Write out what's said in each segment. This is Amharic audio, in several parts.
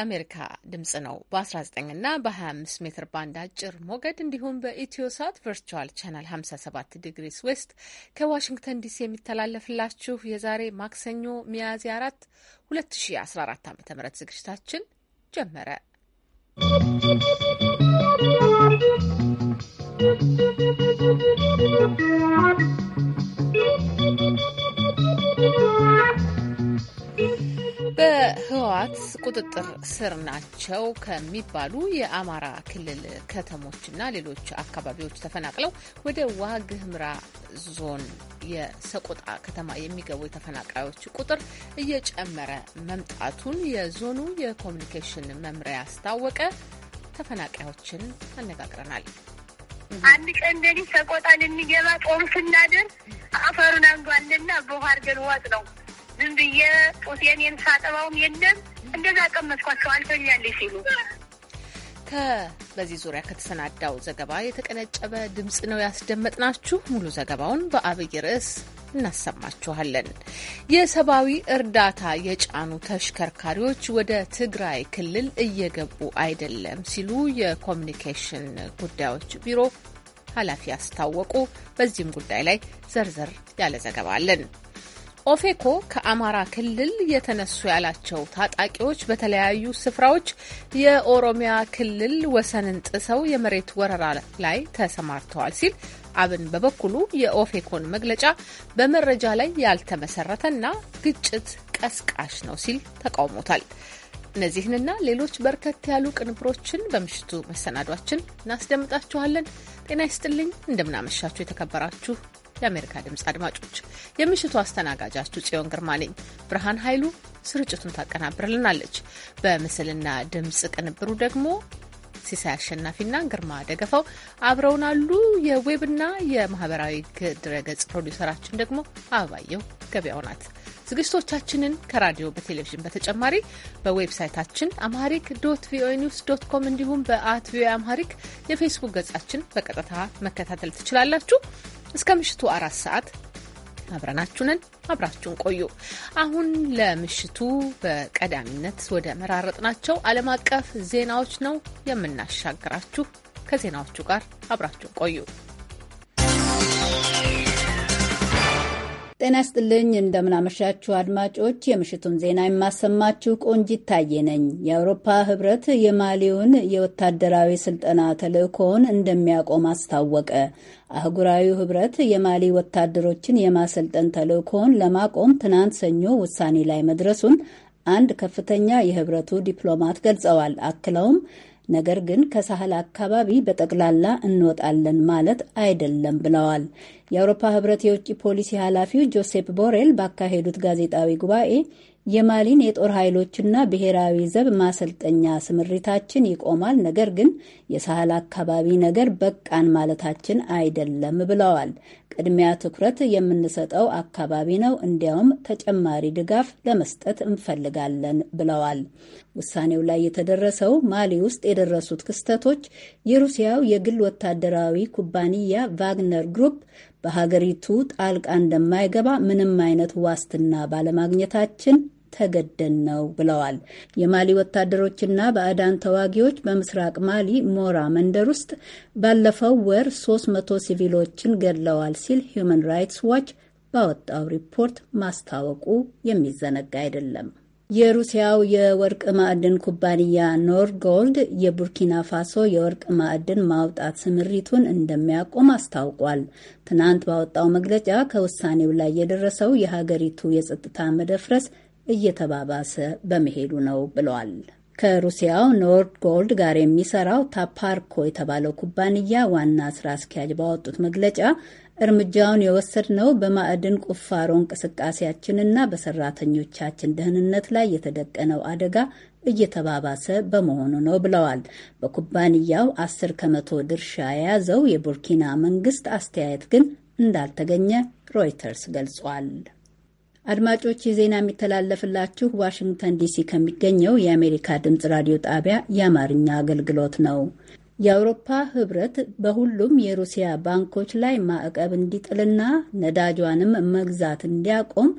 የአሜሪካ ድምጽ ነው። በ19 እና በ25 ሜትር ባንድ አጭር ሞገድ እንዲሁም በኢትዮሳት ቨርቹዋል ቻናል 57 ዲግሪስ ዌስት ከዋሽንግተን ዲሲ የሚተላለፍላችሁ የዛሬ ማክሰኞ ሚያዝያ 4 2014 ዓ ም ዝግጅታችን ጀመረ። ¶¶ በህወሓት ቁጥጥር ስር ናቸው ከሚባሉ የአማራ ክልል ከተሞችና ሌሎች አካባቢዎች ተፈናቅለው ወደ ዋግህምራ ዞን የሰቆጣ ከተማ የሚገቡ የተፈናቃዮች ቁጥር እየጨመረ መምጣቱን የዞኑ የኮሚኒኬሽን መምሪያ አስታወቀ። ተፈናቃዮችን አነጋግረናል። አንድ ቀን እንደዚህ ሰቆጣን የሚገባ ጦም ስናድር አፈሩን አንጓልና በኋር ገን ዋጥ ነው ዝም ብዬ ጡቴን ሳጠባውም የለም እንደዛ ቀመጥኳቸው አልፈኛለች ሲሉ በዚህ ዙሪያ ከተሰናዳው ዘገባ የተቀነጨበ ድምፅ ነው ያስደመጥናችሁ። ሙሉ ዘገባውን በአብይ ርዕስ እናሰማችኋለን። የሰብአዊ እርዳታ የጫኑ ተሽከርካሪዎች ወደ ትግራይ ክልል እየገቡ አይደለም ሲሉ የኮሚኒኬሽን ጉዳዮች ቢሮ ኃላፊ አስታወቁ። በዚህም ጉዳይ ላይ ዘርዘር ያለ ዘገባ አለን። ኦፌኮ ከአማራ ክልል የተነሱ ያላቸው ታጣቂዎች በተለያዩ ስፍራዎች የኦሮሚያ ክልል ወሰንን ጥሰው የመሬት ወረራ ላይ ተሰማርተዋል ሲል አብን በበኩሉ የኦፌኮን መግለጫ በመረጃ ላይ ያልተመሰረተና ግጭት ቀስቃሽ ነው ሲል ተቃውሞታል። እነዚህንና ሌሎች በርከት ያሉ ቅንብሮችን በምሽቱ መሰናዷችን እናስደምጣችኋለን። ጤና ይስጥልኝ። እንደምናመሻችሁ የተከበራችሁ የአሜሪካ ድምፅ አድማጮች የምሽቱ አስተናጋጃችሁ ጽዮን ግርማ ነኝ። ብርሃን ኃይሉ ስርጭቱን ታቀናብርልናለች። በምስልና ድምፅ ቅንብሩ ደግሞ ሲሳይ አሸናፊና ግርማ ደገፋው አብረውን አሉ። የዌብና የማህበራዊ ድረገጽ ፕሮዲውሰራችን ደግሞ አበባየው ገበያው ናት። ዝግጅቶቻችንን ከራዲዮ በቴሌቪዥን በተጨማሪ በዌብሳይታችን አምሃሪክ ዶት ቪኦኤ ኒውስ ዶት ኮም እንዲሁም በአት ቪኦኤ አምሃሪክ የፌስቡክ ገጻችን በቀጥታ መከታተል ትችላላችሁ። እስከ ምሽቱ አራት ሰዓት አብረናችሁንን አብራችሁን ቆዩ። አሁን ለምሽቱ በቀዳሚነት ወደ መራረጥናቸው ዓለም አቀፍ ዜናዎች ነው የምናሻግራችሁ። ከዜናዎቹ ጋር አብራችሁን ቆዩ። ጤና ይስጥልኝ እንደምናመሻችሁ አድማጮች፣ የምሽቱን ዜና የማሰማችሁ ቆንጂት ታዬ ነኝ። የአውሮፓ ህብረት የማሊውን የወታደራዊ ስልጠና ተልእኮውን እንደሚያቆም አስታወቀ። አህጉራዊው ህብረት የማሊ ወታደሮችን የማሰልጠን ተልእኮውን ለማቆም ትናንት ሰኞ ውሳኔ ላይ መድረሱን አንድ ከፍተኛ የህብረቱ ዲፕሎማት ገልጸዋል። አክለውም ነገር ግን ከሳህል አካባቢ በጠቅላላ እንወጣለን ማለት አይደለም ብለዋል። የአውሮፓ ህብረት የውጭ ፖሊሲ ኃላፊው ጆሴፕ ቦሬል ባካሄዱት ጋዜጣዊ ጉባኤ የማሊን የጦር ኃይሎችና ብሔራዊ ዘብ ማሰልጠኛ ስምሪታችን ይቆማል፣ ነገር ግን የሳህል አካባቢ ነገር በቃን ማለታችን አይደለም ብለዋል። ቅድሚያ ትኩረት የምንሰጠው አካባቢ ነው፣ እንዲያውም ተጨማሪ ድጋፍ ለመስጠት እንፈልጋለን ብለዋል። ውሳኔው ላይ የተደረሰው ማሊ ውስጥ የደረሱት ክስተቶች የሩሲያው የግል ወታደራዊ ኩባንያ ቫግነር ግሩፕ በሀገሪቱ ጣልቃ እንደማይገባ ምንም አይነት ዋስትና ባለማግኘታችን ተገደን ነው ብለዋል። የማሊ ወታደሮችና በአዳን ተዋጊዎች በምስራቅ ማሊ ሞራ መንደር ውስጥ ባለፈው ወር 300 ሲቪሎችን ገድለዋል ሲል ሂዩማን ራይትስ ዋች ባወጣው ሪፖርት ማስታወቁ የሚዘነጋ አይደለም። የሩሲያው የወርቅ ማዕድን ኩባንያ ኖርጎልድ የቡርኪና ፋሶ የወርቅ ማዕድን ማውጣት ስምሪቱን እንደሚያቆም አስታውቋል። ትናንት ባወጣው መግለጫ ከውሳኔው ላይ የደረሰው የሀገሪቱ የጸጥታ መደፍረስ እየተባባሰ በመሄዱ ነው ብሏል። ከሩሲያው ኖርድ ጎልድ ጋር የሚሰራው ታፓርኮ የተባለው ኩባንያ ዋና ስራ አስኪያጅ ባወጡት መግለጫ እርምጃውን የወሰድነው በማዕድን ቁፋሮ እንቅስቃሴያችንና በሰራተኞቻችን ደህንነት ላይ የተደቀነው አደጋ እየተባባሰ በመሆኑ ነው ብለዋል። በኩባንያው አስር ከመቶ ድርሻ የያዘው የቡርኪና መንግስት አስተያየት ግን እንዳልተገኘ ሮይተርስ ገልጿል። አድማጮች ዜና የሚተላለፍላችሁ ዋሽንግተን ዲሲ ከሚገኘው የአሜሪካ ድምፅ ራዲዮ ጣቢያ የአማርኛ አገልግሎት ነው። የአውሮፓ ህብረት በሁሉም የሩሲያ ባንኮች ላይ ማዕቀብ እንዲጥልና ነዳጇንም መግዛት እንዲያቆም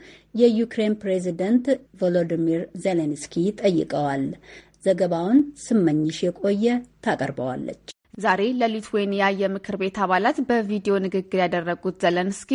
የዩክሬን ፕሬዚደንት ቮሎዲሚር ዜሌንስኪ ጠይቀዋል። ዘገባውን ስመኝሽ የቆየ ታቀርበዋለች። ዛሬ ለሊትዌኒያ የምክር ቤት አባላት በቪዲዮ ንግግር ያደረጉት ዘለንስኪ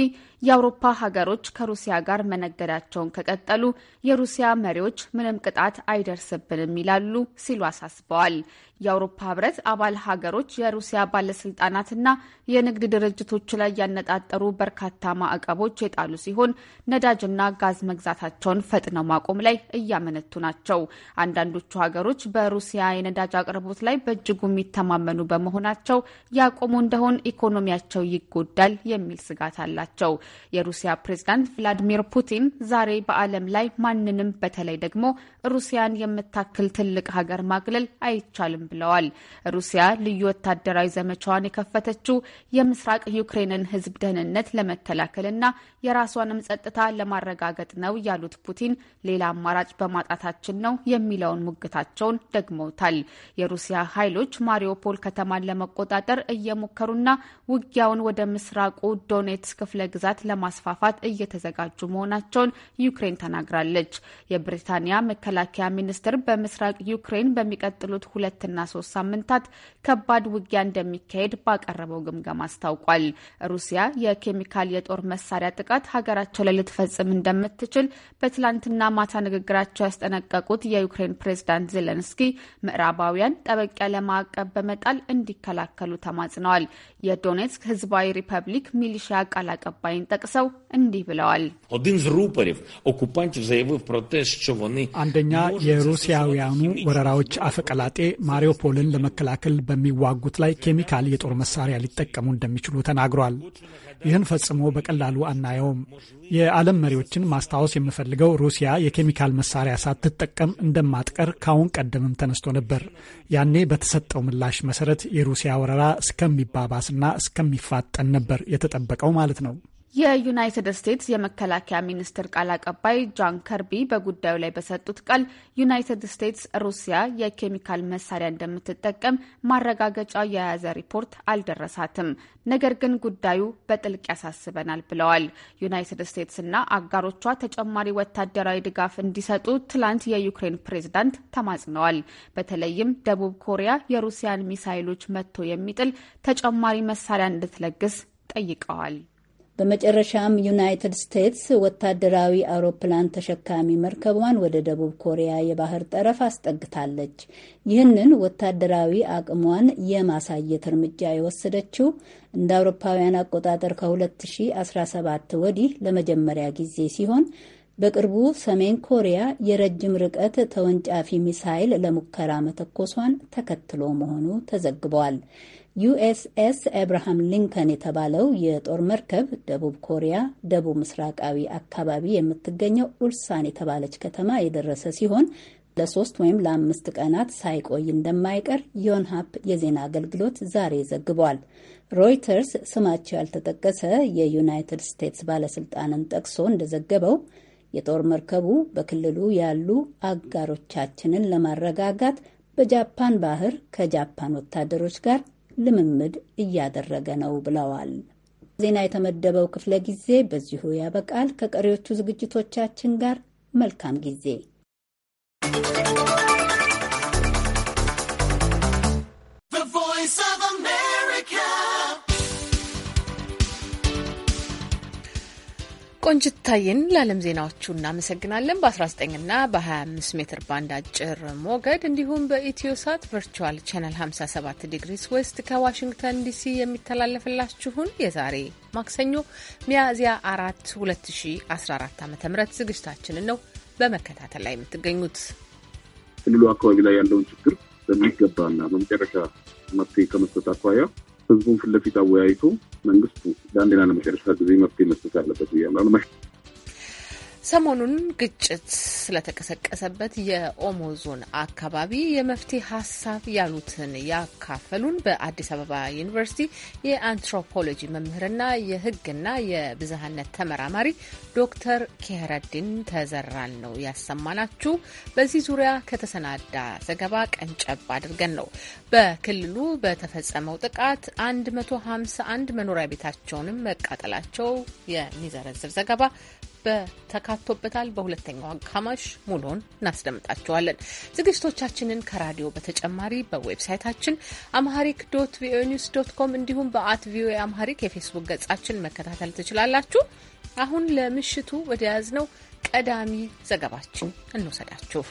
የአውሮፓ ሀገሮች ከሩሲያ ጋር መነገዳቸውን ከቀጠሉ የሩሲያ መሪዎች ምንም ቅጣት አይደርስብንም ይላሉ ሲሉ አሳስበዋል። የአውሮፓ ህብረት አባል ሀገሮች የሩሲያ ባለስልጣናትና የንግድ ድርጅቶች ላይ ያነጣጠሩ በርካታ ማዕቀቦች የጣሉ ሲሆን ነዳጅና ጋዝ መግዛታቸውን ፈጥነው ማቆም ላይ እያመነቱ ናቸው። አንዳንዶቹ ሀገሮች በሩሲያ የነዳጅ አቅርቦት ላይ በእጅጉ የሚተማመኑ በመሆናቸው ያቆሙ እንደሆን ኢኮኖሚያቸው ይጎዳል የሚል ስጋት አላቸው። የሩሲያ ፕሬዝዳንት ቭላዲሚር ፑቲን ዛሬ በዓለም ላይ ማንንም በተለይ ደግሞ ሩሲያን የምታክል ትልቅ ሀገር ማግለል አይቻልም ብለዋል። ሩሲያ ልዩ ወታደራዊ ዘመቻዋን የከፈተችው የምስራቅ ዩክሬንን ህዝብ ደህንነት ለመከላከልና የራሷንም ጸጥታ ለማረጋገጥ ነው ያሉት ፑቲን ሌላ አማራጭ በማጣታችን ነው የሚለውን ሙግታቸውን ደግመውታል። የሩሲያ ኃይሎች ማሪዮፖል ከተማን ለመቆጣጠር እየሞከሩና ውጊያውን ወደ ምስራቁ ዶኔትስ ክፍለ ግዛት ለማስፋፋት እየተዘጋጁ መሆናቸውን ዩክሬን ተናግራለች። የብሪታንያ መከላከያ ሚኒስትር በምስራቅ ዩክሬን በሚቀጥሉት ሁለትና ሁለትና ሶስት ሳምንታት ከባድ ውጊያ እንደሚካሄድ ባቀረበው ግምገማ አስታውቋል። ሩሲያ የኬሚካል የጦር መሳሪያ ጥቃት ሀገራቸው ላይ ልትፈጽም እንደምትችል በትላንትና ማታ ንግግራቸው ያስጠነቀቁት የዩክሬን ፕሬዝዳንት ዜሌንስኪ ምዕራባውያን ጠበቅ ያለ ማዕቀብ በመጣል እንዲከላከሉ ተማጽነዋል። የዶኔትስክ ህዝባዊ ሪፐብሊክ ሚሊሺያ ቃል አቀባይን ጠቅሰው እንዲህ ብለዋል። አንደኛ የሩሲያውያኑ ወረራዎች አፈቀላጤ ማሪ ማሪውፖልን ለመከላከል በሚዋጉት ላይ ኬሚካል የጦር መሳሪያ ሊጠቀሙ እንደሚችሉ ተናግሯል። ይህን ፈጽሞ በቀላሉ አናየውም። የዓለም መሪዎችን ማስታወስ የምፈልገው ሩሲያ የኬሚካል መሳሪያ ሳትጠቀም እንደማትቀር ካሁን ቀደምም ተነስቶ ነበር። ያኔ በተሰጠው ምላሽ መሰረት የሩሲያ ወረራ እስከሚባባስና እስከሚፋጠን ነበር የተጠበቀው ማለት ነው። የዩናይትድ ስቴትስ የመከላከያ ሚኒስትር ቃል አቀባይ ጃን ከርቢ በጉዳዩ ላይ በሰጡት ቃል ዩናይትድ ስቴትስ ሩሲያ የኬሚካል መሳሪያ እንደምትጠቀም ማረጋገጫ የያዘ ሪፖርት አልደረሳትም፣ ነገር ግን ጉዳዩ በጥልቅ ያሳስበናል ብለዋል። ዩናይትድ ስቴትስ እና አጋሮቿ ተጨማሪ ወታደራዊ ድጋፍ እንዲሰጡ ትላንት የዩክሬን ፕሬዝዳንት ተማጽነዋል። በተለይም ደቡብ ኮሪያ የሩሲያን ሚሳይሎች መጥቶ የሚጥል ተጨማሪ መሳሪያ እንድትለግስ ጠይቀዋል። በመጨረሻም ዩናይትድ ስቴትስ ወታደራዊ አውሮፕላን ተሸካሚ መርከቧን ወደ ደቡብ ኮሪያ የባህር ጠረፍ አስጠግታለች። ይህንን ወታደራዊ አቅሟን የማሳየት እርምጃ የወሰደችው እንደ አውሮፓውያን አቆጣጠር ከ2017 ወዲህ ለመጀመሪያ ጊዜ ሲሆን በቅርቡ ሰሜን ኮሪያ የረጅም ርቀት ተወንጫፊ ሚሳይል ለሙከራ መተኮሷን ተከትሎ መሆኑ ተዘግቧል። ዩኤስኤስ አብርሃም ሊንከን የተባለው የጦር መርከብ ደቡብ ኮሪያ ደቡብ ምስራቃዊ አካባቢ የምትገኘው ኡልሳን የተባለች ከተማ የደረሰ ሲሆን ለሶስት ወይም ለአምስት ቀናት ሳይቆይ እንደማይቀር ዮንሃፕ የዜና አገልግሎት ዛሬ ዘግቧል። ሮይተርስ ስማቸው ያልተጠቀሰ የዩናይትድ ስቴትስ ባለስልጣንን ጠቅሶ እንደዘገበው የጦር መርከቡ በክልሉ ያሉ አጋሮቻችንን ለማረጋጋት በጃፓን ባህር ከጃፓን ወታደሮች ጋር ልምምድ እያደረገ ነው ብለዋል። ዜና የተመደበው ክፍለ ጊዜ በዚሁ ያበቃል። ከቀሪዎቹ ዝግጅቶቻችን ጋር መልካም ጊዜ ቆንጅታዬን ለዓለም ዜናዎቹ እናመሰግናለን። በ19ና በ25 ሜትር ባንድ አጭር ሞገድ እንዲሁም በኢትዮሳት ቨርቹዋል ቻናል 57 ዲግሪስ ዌስት ከዋሽንግተን ዲሲ የሚተላለፍላችሁን የዛሬ ማክሰኞ ሚያዝያ 4 2014 ዓ ም ዝግጅታችንን ነው በመከታተል ላይ የምትገኙት። ክልሉ አካባቢ ላይ ያለውን ችግር በሚገባና በመጨረሻ መፍትሄ ከመስጠት አኳያ ህዝቡን ፊት ለፊት አወያይቶ መንግስት ለአንዴና ለመጨረሻ ጊዜ መፍትሄ መስጠት አለበት ብያምናሉ። ሰሞኑን ግጭት ስለተቀሰቀሰበት የኦሞ ዞን አካባቢ የመፍትሄ ሀሳብ ያሉትን ያካፈሉን በአዲስ አበባ ዩኒቨርሲቲ የአንትሮፖሎጂ መምህርና የሕግና የብዝሃነት ተመራማሪ ዶክተር ኬረዲን ተዘራን ነው ያሰማናችሁ። በዚህ ዙሪያ ከተሰናዳ ዘገባ ቀንጨብ አድርገን ነው በክልሉ በተፈጸመው ጥቃት 151 መኖሪያ ቤታቸውንም መቃጠላቸው የሚዘረዝር ዘገባ ተካቶበታል። በሁለተኛው አጋማሽ ሙሉን እናስደምጣቸዋለን። ዝግጅቶቻችንን ከራዲዮ በተጨማሪ በዌብሳይታችን አምሃሪክ ዶት ቪኦኤ ኒውስ ዶት ኮም እንዲሁም በአት ቪኦኤ አምሃሪክ የፌስቡክ ገጻችን መከታተል ትችላላችሁ። አሁን ለምሽቱ ወደ ያዝነው ቀዳሚ ዘገባችን እንውሰዳችሁ።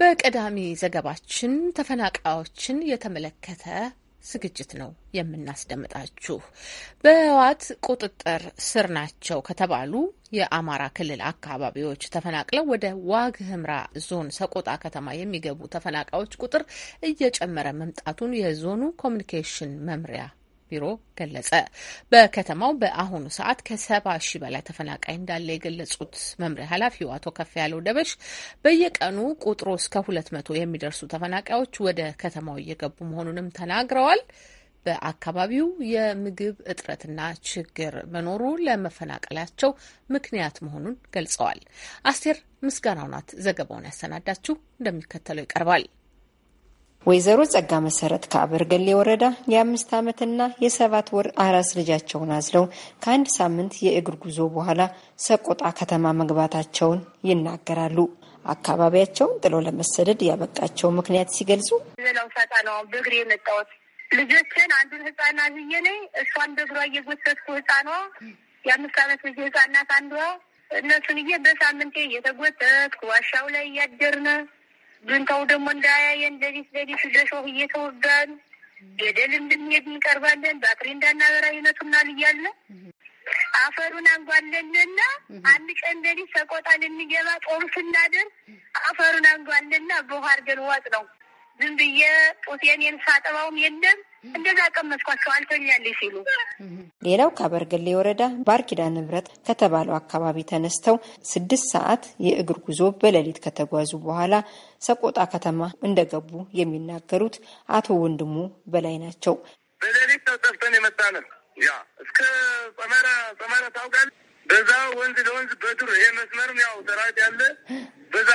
በቀዳሚ ዘገባችን ተፈናቃዮችን የተመለከተ ዝግጅት ነው የምናስደምጣችሁ። በህወሓት ቁጥጥር ስር ናቸው ከተባሉ የአማራ ክልል አካባቢዎች ተፈናቅለው ወደ ዋግ ህምራ ዞን ሰቆጣ ከተማ የሚገቡ ተፈናቃዮች ቁጥር እየጨመረ መምጣቱን የዞኑ ኮሚኒኬሽን መምሪያ ቢሮ ገለጸ። በከተማው በአሁኑ ሰዓት ከሰባ ሺህ በላይ ተፈናቃይ እንዳለ የገለጹት መምሪያ ኃላፊው አቶ ከፍ ያለው ደበሽ በየቀኑ ቁጥሩ እስከ ሁለት መቶ የሚደርሱ ተፈናቃዮች ወደ ከተማው እየገቡ መሆኑንም ተናግረዋል። በአካባቢው የምግብ እጥረትና ችግር መኖሩ ለመፈናቀላቸው ምክንያት መሆኑን ገልጸዋል። አስቴር ምስጋናው ናት ዘገባውን ያሰናዳችው፣ እንደሚከተለው ይቀርባል። ወይዘሮ ጸጋ መሰረት ከአበርገሌ ወረዳ የአምስት ዓመትና የሰባት ወር አራስ ልጃቸውን አዝለው ከአንድ ሳምንት የእግር ጉዞ በኋላ ሰቆጣ ከተማ መግባታቸውን ይናገራሉ። አካባቢያቸውን ጥሎ ለመሰደድ ያበቃቸው ምክንያት ሲገልጹ ሌላው ፈጣ ነው በእግሬ የመጣሁት ልጆችን አንዱን ህፃን አዝዬ ነኝ። እሷን በእግሯ እየጎተትኩ ህፃኗ የአምስት ዓመት ልጅ ህፃናት አንዷ እነሱን እየ በሳምንቴ እየተጎተትኩ ዋሻው ላይ እያደርነ ግን ደግሞ እንዳያየን ሌሊት ሌሊት በሾህ እየተወጋን ገደል እንድንሄድ እንቀርባለን። ባትሪ እንዳናበራ ይመቱናል እያለ አፈሩን አንጓለንና አንድ ቀን ሌሊት ሰቆጣ እንገባ ጦር ስናደር አፈሩን አንጓለንና በውሃ አድርገን ዋጥ ነው ዝም ብዬ ጡቴን የምሳጥባውም የለም። እንደዛ ቀመስኳቸው አልተኛል ሲሉ። ሌላው ከአበርገሌ ወረዳ ባርኪዳ ንብረት ከተባለው አካባቢ ተነስተው ስድስት ሰዓት የእግር ጉዞ በሌሊት ከተጓዙ በኋላ ሰቆጣ ከተማ እንደገቡ የሚናገሩት አቶ ወንድሙ በላይ ናቸው። በሌሊት ነው ጠፍተን ያ እስከ ጸመራ ጸመራ ታውቃለህ? በዛ ወንዝ ለወንዝ በዱር ይሄ መስመርም ያው ሰራዊት ያለ በዛ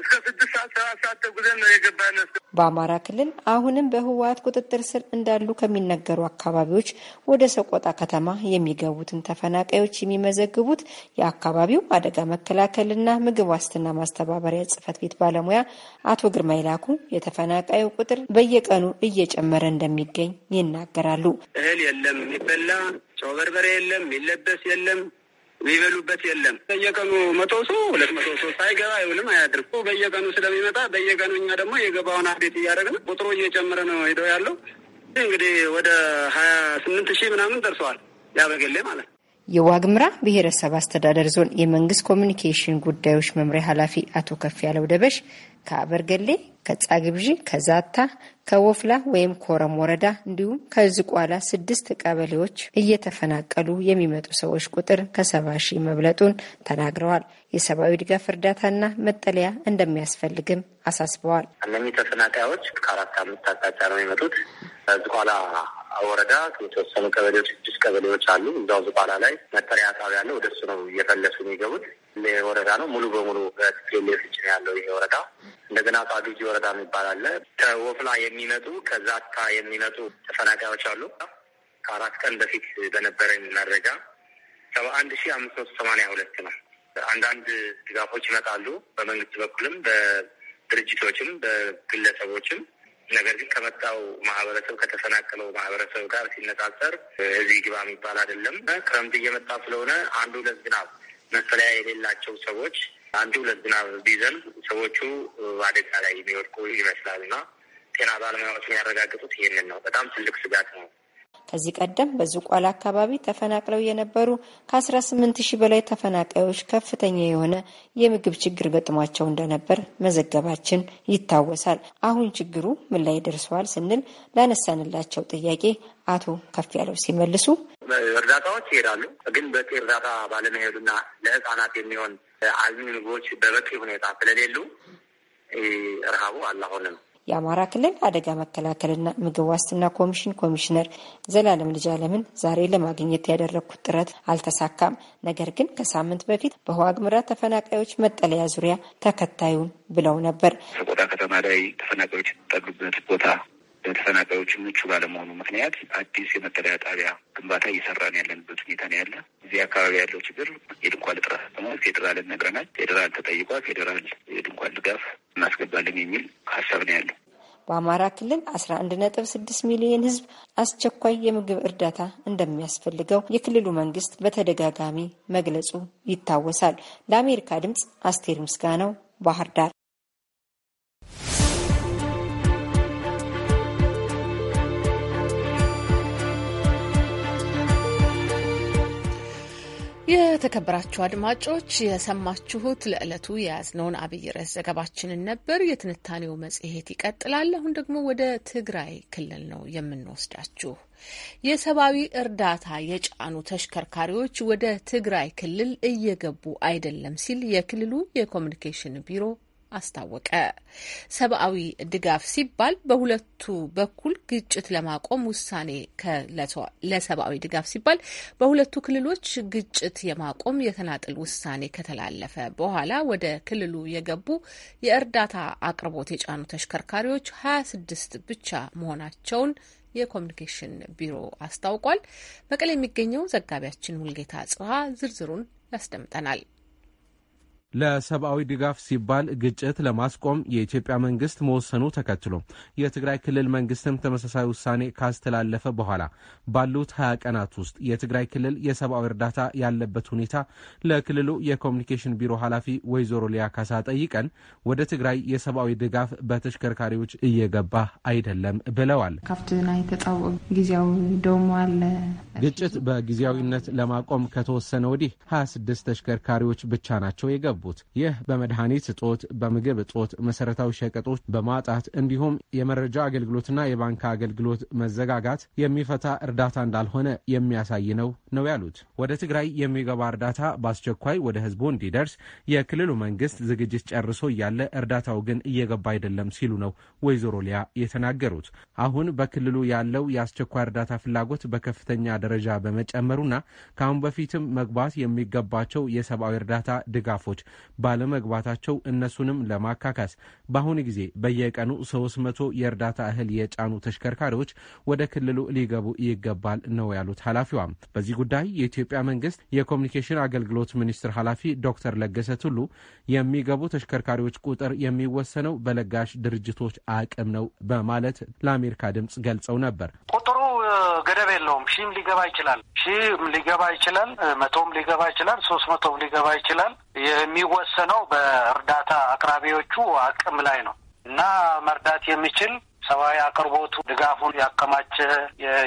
እስከ ስድስት ሰዓት ሰባት ሰዓት ተጉዘን ነው የገባን። በአማራ ክልል አሁንም በህወሀት ቁጥጥር ስር እንዳሉ ከሚነገሩ አካባቢዎች ወደ ሰቆጣ ከተማ የሚገቡትን ተፈናቃዮች የሚመዘግቡት የአካባቢው አደጋ መከላከልና ምግብ ዋስትና ማስተባበሪያ ጽህፈት ቤት ባለሙያ አቶ ግርማ ይላኩ የተፈናቃዩ ቁጥር በየቀኑ እየጨመረ እንደሚገኝ ይናገራሉ። እህል የለም፣ የሚበላ ሰው በርበሬ የለም፣ የሚለበስ የለም የሚበሉበት የለም። በየቀኑ መቶ ሰው ሁለት መቶ ሰው ሳይገባ አይውልም አያድርም። በየቀኑ ስለሚመጣ በየቀኑ እኛ ደግሞ የገባውን አቤት እያደረግን ቁጥሩ እየጨመረ ነው ሄደው ያለው እንግዲህ ወደ ሀያ ስምንት ሺህ ምናምን ደርሰዋል። ያበገሌ ማለት ነው። የዋግምራ ብሔረሰብ አስተዳደር ዞን የመንግስት ኮሚኒኬሽን ጉዳዮች መምሪያ ኃላፊ አቶ ከፍ ያለው ደበሽ ከአበርገሌ ከጻግብዢ፣ ከዛታ፣ ከወፍላ ወይም ኮረም ወረዳ እንዲሁም ከዝቋላ ስድስት ቀበሌዎች እየተፈናቀሉ የሚመጡ ሰዎች ቁጥር ከሰባ ሺህ መብለጡን ተናግረዋል። የሰብአዊ ድጋፍ እርዳታና መጠለያ እንደሚያስፈልግም አሳስበዋል። እነኚህ ተፈናቃዮች ከአራት አምስት አቅጣጫ ነው የመጡት ዝቋላ ወረዳ የተወሰኑ ቀበሌዎች ስድስት ቀበሌዎች አሉ። እዛው ዝቋላ ላይ መጠሪያ ጣቢያ ያለው ወደሱ ነው እየፈለሱ የሚገቡት። ወረዳ ነው ሙሉ በሙሉ በቲፒኤልኤፍ እጅ ነው ያለው ይሄ ወረዳ። እንደገና ጣቢጂ ወረዳ የሚባል አለ። ከወፍላ የሚመጡ ከዛታ የሚመጡ ተፈናቃዮች አሉ። ከአራት ቀን በፊት በነበረኝ መረጃ ሰባ አንድ ሺ አምስት መቶ ሰማኒያ ሁለት ነው። አንዳንድ ድጋፎች ይመጣሉ በመንግስት በኩልም በድርጅቶችም በግለሰቦችም ነገር ግን ከመጣው ማህበረሰብ ከተፈናቀለው ማህበረሰብ ጋር ሲነጻጸር እዚህ ግባ የሚባል አይደለም። ክረምት እየመጣ ስለሆነ አንዱ ሁለት ዝናብ መጠለያ የሌላቸው ሰዎች አንዱ ሁለት ዝናብ ቢዘንብ ሰዎቹ አደጋ ላይ የሚወድቁ ይመስላል እና ጤና ባለሙያዎች የሚያረጋግጡት ይህንን ነው። በጣም ትልቅ ስጋት ነው። ከዚህ ቀደም በዝቋላ አካባቢ ተፈናቅለው የነበሩ ከ18 ሺ በላይ ተፈናቃዮች ከፍተኛ የሆነ የምግብ ችግር ገጥሟቸው እንደነበር መዘገባችን ይታወሳል። አሁን ችግሩ ምን ላይ ደርሰዋል ስንል ላነሳንላቸው ጥያቄ አቶ ከፍ ያለው ሲመልሱ እርዳታዎች ይሄዳሉ፣ ግን በቂ እርዳታ ባለመሄዱና ለህፃናት የሚሆን አልሚ ምግቦች በበቂ ሁኔታ ስለሌሉ ረሃቡ አላሆነም። የአማራ ክልል አደጋ መከላከልና ምግብ ዋስትና ኮሚሽን ኮሚሽነር ዘላለም ልጅ አለምን ዛሬ ለማግኘት ያደረግኩት ጥረት አልተሳካም። ነገር ግን ከሳምንት በፊት በዋግ ኽምራ ተፈናቃዮች መጠለያ ዙሪያ ተከታዩን ብለው ነበር። ሰቆጣ ከተማ ላይ ተፈናቃዮች የሚጠሉበት ቦታ ለተፈናቃዮች ምቹ ባለመሆኑ ምክንያት አዲስ የመጠለያ ጣቢያ ግንባታ እየሰራን ያለንበት ሁኔታ ነው ያለ። እዚህ አካባቢ ያለው ችግር የድንኳን እጥረት ደግሞ ፌዴራልን ነግረናል። ፌዴራል ተጠይቋል። ፌዴራል የድንኳን ድጋፍ እናስገባለን የሚል ሀሳብ ነው ያለው። በአማራ ክልል 11.6 ሚሊዮን ሕዝብ አስቸኳይ የምግብ እርዳታ እንደሚያስፈልገው የክልሉ መንግስት በተደጋጋሚ መግለጹ ይታወሳል። ለአሜሪካ ድምፅ አስቴር ምስጋናው ባህር ዳር። የተከበራችሁ አድማጮች የሰማችሁት ለዕለቱ የያዝነውን አብይ ርዕስ ዘገባችንን ነበር። የትንታኔው መጽሔት ይቀጥላል። አሁን ደግሞ ወደ ትግራይ ክልል ነው የምንወስዳችሁ። የሰብአዊ እርዳታ የጫኑ ተሽከርካሪዎች ወደ ትግራይ ክልል እየገቡ አይደለም ሲል የክልሉ የኮሚኒኬሽን ቢሮ አስታወቀ። ሰብአዊ ድጋፍ ሲባል በሁለቱ በኩል ግጭት ለማቆም ውሳኔ ለሰብአዊ ድጋፍ ሲባል በሁለቱ ክልሎች ግጭት የማቆም የተናጥል ውሳኔ ከተላለፈ በኋላ ወደ ክልሉ የገቡ የእርዳታ አቅርቦት የጫኑ ተሽከርካሪዎች ሀያ ስድስት ብቻ መሆናቸውን የኮሚኒኬሽን ቢሮ አስታውቋል። መቀሌ የሚገኘው ዘጋቢያችን ሙልጌታ ጽሀ ዝርዝሩን ያስደምጠናል። ለሰብአዊ ድጋፍ ሲባል ግጭት ለማስቆም የኢትዮጵያ መንግስት መወሰኑ ተከትሎ የትግራይ ክልል መንግስትም ተመሳሳይ ውሳኔ ካስተላለፈ በኋላ ባሉት ሀያ ቀናት ውስጥ የትግራይ ክልል የሰብአዊ እርዳታ ያለበት ሁኔታ ለክልሉ የኮሚኒኬሽን ቢሮ ኃላፊ ወይዘሮ ሊያ ካሳ ጠይቀን ወደ ትግራይ የሰብአዊ ድጋፍ በተሽከርካሪዎች እየገባ አይደለም ብለዋል። ካብቲ ናይ ጊዜያዊ ደሞ አለ ግጭት በጊዜያዊነት ለማቆም ከተወሰነ ወዲህ 26 ተሽከርካሪዎች ብቻ ናቸው የገቡ የገቡት። ይህ በመድኃኒት እጦት፣ በምግብ እጦት፣ መሰረታዊ ሸቀጦች በማጣት እንዲሁም የመረጃ አገልግሎትና የባንክ አገልግሎት መዘጋጋት የሚፈታ እርዳታ እንዳልሆነ የሚያሳይ ነው ነው ያሉት። ወደ ትግራይ የሚገባ እርዳታ በአስቸኳይ ወደ ህዝቡ እንዲደርስ የክልሉ መንግስት ዝግጅት ጨርሶ እያለ እርዳታው ግን እየገባ አይደለም ሲሉ ነው ወይዘሮ ሊያ የተናገሩት። አሁን በክልሉ ያለው የአስቸኳይ እርዳታ ፍላጎት በከፍተኛ ደረጃ በመጨመሩና ከአሁን በፊትም መግባት የሚገባቸው የሰብአዊ እርዳታ ድጋፎች ባለመግባታቸው እነሱንም ለማካካስ በአሁኑ ጊዜ በየቀኑ ሶስት መቶ የእርዳታ እህል የጫኑ ተሽከርካሪዎች ወደ ክልሉ ሊገቡ ይገባል ነው ያሉት ኃላፊዋ። በዚህ ጉዳይ የኢትዮጵያ መንግስት የኮሚኒኬሽን አገልግሎት ሚኒስትር ኃላፊ ዶክተር ለገሰ ቱሉ የሚገቡ ተሽከርካሪዎች ቁጥር የሚወሰነው በለጋሽ ድርጅቶች አቅም ነው በማለት ለአሜሪካ ድምፅ ገልጸው ነበር። ቁጥሩ ገደብ የለውም። ሺህም ሊገባ ይችላል፣ ሺህም ሊገባ ይችላል፣ መቶም ሊገባ ይችላል፣ ሶስት መቶም ሊገባ ይችላል። የሚወሰነው በእርዳታ አቅራቢዎቹ አቅም ላይ ነው እና መርዳት የሚችል ሰብአዊ አቅርቦቱ ድጋፉን ያከማቸ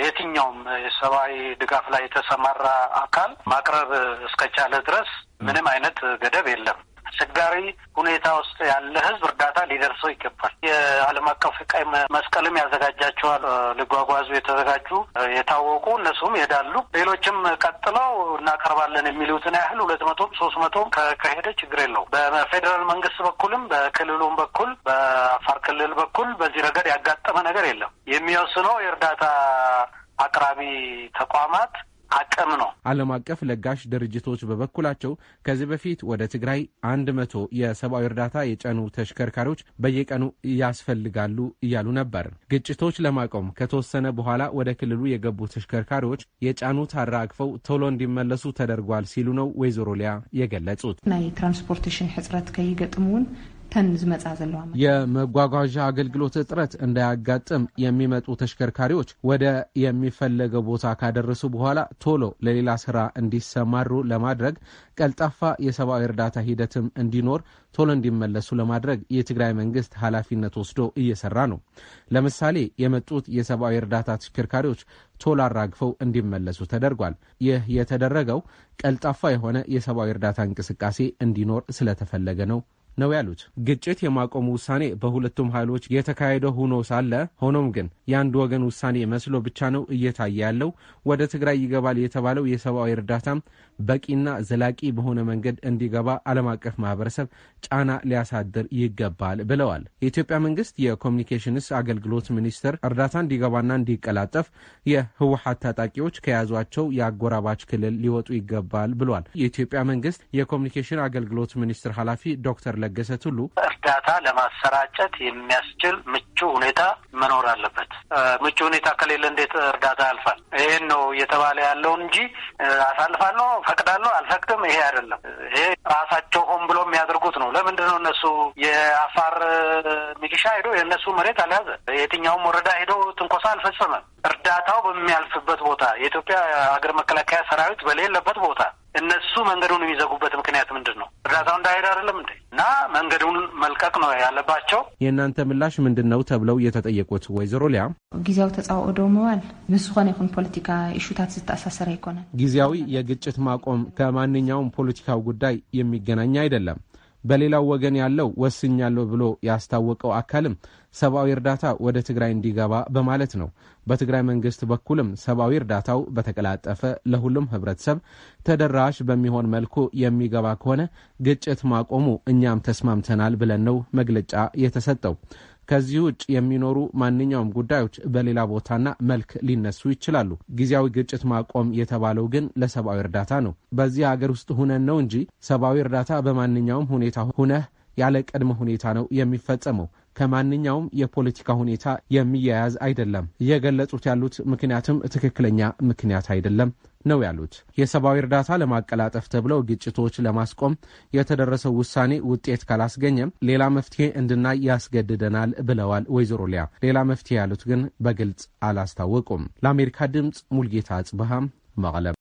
የትኛውም የሰብአዊ ድጋፍ ላይ የተሰማራ አካል ማቅረብ እስከቻለ ድረስ ምንም አይነት ገደብ የለም። አስቸጋሪ ሁኔታ ውስጥ ያለ ህዝብ እርዳታ ሊደርሰው ይገባል። የዓለም አቀፍ ቀይ መስቀልም ያዘጋጃቸዋል ሊጓጓዙ የተዘጋጁ የታወቁ እነሱም ይሄዳሉ። ሌሎችም ቀጥለው እናቀርባለን የሚሉትን ያህል ሁለት መቶም ሶስት መቶም ከሄደ ችግር የለው። በፌዴራል መንግስት በኩልም በክልሉም በኩል በአፋር ክልል በኩል በዚህ ረገድ ያጋጠመ ነገር የለም። የሚወስነው የእርዳታ አቅራቢ ተቋማት አቅም ነው። ዓለም አቀፍ ለጋሽ ድርጅቶች በበኩላቸው ከዚህ በፊት ወደ ትግራይ አንድ መቶ የሰብአዊ እርዳታ የጫኑ ተሽከርካሪዎች በየቀኑ ያስፈልጋሉ እያሉ ነበር። ግጭቶች ለማቆም ከተወሰነ በኋላ ወደ ክልሉ የገቡ ተሽከርካሪዎች የጫኑት አራግፈው ቶሎ እንዲመለሱ ተደርጓል ሲሉ ነው ወይዘሮ ሊያ የገለጹት። ናይ ትራንስፖርቴሽን ሕፅረት ከይገጥም እውን ተን ዝመፃ ዘለዋ የመጓጓዣ አገልግሎት እጥረት እንዳያጋጥም የሚመጡ ተሽከርካሪዎች ወደ የሚፈለገ ቦታ ካደረሱ በኋላ ቶሎ ለሌላ ስራ እንዲሰማሩ ለማድረግ ቀልጣፋ የሰብአዊ እርዳታ ሂደትም እንዲኖር ቶሎ እንዲመለሱ ለማድረግ የትግራይ መንግስት ኃላፊነት ወስዶ እየሰራ ነው። ለምሳሌ የመጡት የሰብአዊ እርዳታ ተሽከርካሪዎች ቶሎ አራግፈው እንዲመለሱ ተደርጓል። ይህ የተደረገው ቀልጣፋ የሆነ የሰብአዊ እርዳታ እንቅስቃሴ እንዲኖር ስለተፈለገ ነው ነው ያሉት። ግጭት የማቆሙ ውሳኔ በሁለቱም ኃይሎች የተካሄደ ሆኖ ሳለ ሆኖም ግን የአንድ ወገን ውሳኔ መስሎ ብቻ ነው እየታየ ያለው። ወደ ትግራይ ይገባል የተባለው የሰብአዊ እርዳታም በቂና ዘላቂ በሆነ መንገድ እንዲገባ ዓለም አቀፍ ማህበረሰብ ጫና ሊያሳድር ይገባል ብለዋል። የኢትዮጵያ መንግስት የኮሚኒኬሽንስ አገልግሎት ሚኒስትር እርዳታ እንዲገባና እንዲቀላጠፍ የህወሀት ታጣቂዎች ከያዟቸው የአጎራባች ክልል ሊወጡ ይገባል ብሏል። የኢትዮጵያ መንግስት የኮሚኒኬሽን አገልግሎት ሚኒስትር ኃላፊ ዶክተር ለገሰ ቱሉ እርዳታ ለማሰራጨት የሚያስችል ምቹ ሁኔታ መኖር አለበት። ምቹ ሁኔታ ከሌለ እንዴት እርዳታ ያልፋል? ይሄን ነው እየተባለ ያለውን እንጂ አሳልፋለሁ፣ ፈቅዳለሁ፣ አልፈቅድም ይሄ አይደለም። ይሄ ራሳቸው ሆን ብሎ የሚያደርጉት ነው። ለምንድን ነው እነሱ የአፋር ሚሊሻ ሄዶ የእነሱ መሬት አልያዘ፣ የትኛውም ወረዳ ሄዶ ትንኮሳ አልፈጸመም። እርዳታው በሚያልፍበት ቦታ የኢትዮጵያ ሀገር መከላከያ ሰራዊት በሌለበት ቦታ እነሱ መንገዱን የሚዘጉበት ምክንያት ምንድን ነው? እርዳታው እንዳይሄድ አይደለም እንዴ? እና መንገዱን መልቀቅ ነው ያለባቸው። የእናንተ ምላሽ ምንድን ነው ተብለው የተጠየቁት ወይዘሮ ሊያ ግዜያዊ ተፃውኦ ዶ ምስ ዝኾነ ይኹን ፖለቲካ እሹታት ዝተኣሳሰረ ኣይኮነን። ጊዜያዊ የግጭት ማቆም ከማንኛውም ፖለቲካዊ ጉዳይ የሚገናኝ አይደለም። በሌላው ወገን ያለው ወስኛለሁ ብሎ ያስታወቀው አካልም ሰብአዊ እርዳታ ወደ ትግራይ እንዲገባ በማለት ነው። በትግራይ መንግስት በኩልም ሰብአዊ እርዳታው በተቀላጠፈ ለሁሉም ህብረተሰብ ተደራሽ በሚሆን መልኩ የሚገባ ከሆነ ግጭት ማቆሙ እኛም ተስማምተናል ብለን ነው መግለጫ የተሰጠው። ከዚህ ውጭ የሚኖሩ ማንኛውም ጉዳዮች በሌላ ቦታና መልክ ሊነሱ ይችላሉ። ጊዜያዊ ግጭት ማቆም የተባለው ግን ለሰብአዊ እርዳታ ነው። በዚህ ሀገር ውስጥ ሁነን ነው እንጂ ሰብአዊ እርዳታ በማንኛውም ሁኔታ ሁነህ ያለ ቅድመ ሁኔታ ነው የሚፈጸመው። ከማንኛውም የፖለቲካ ሁኔታ የሚያያዝ አይደለም። እየገለጹት ያሉት ምክንያትም ትክክለኛ ምክንያት አይደለም። ነው ያሉት። የሰብአዊ እርዳታ ለማቀላጠፍ ተብለው ግጭቶች ለማስቆም የተደረሰው ውሳኔ ውጤት ካላስገኘም ሌላ መፍትሄ እንድናይ ያስገድደናል ብለዋል ወይዘሮ ሊያ። ሌላ መፍትሄ ያሉት ግን በግልጽ አላስታወቁም። ለአሜሪካ ድምፅ ሙልጌታ አጽብሃም መቀለም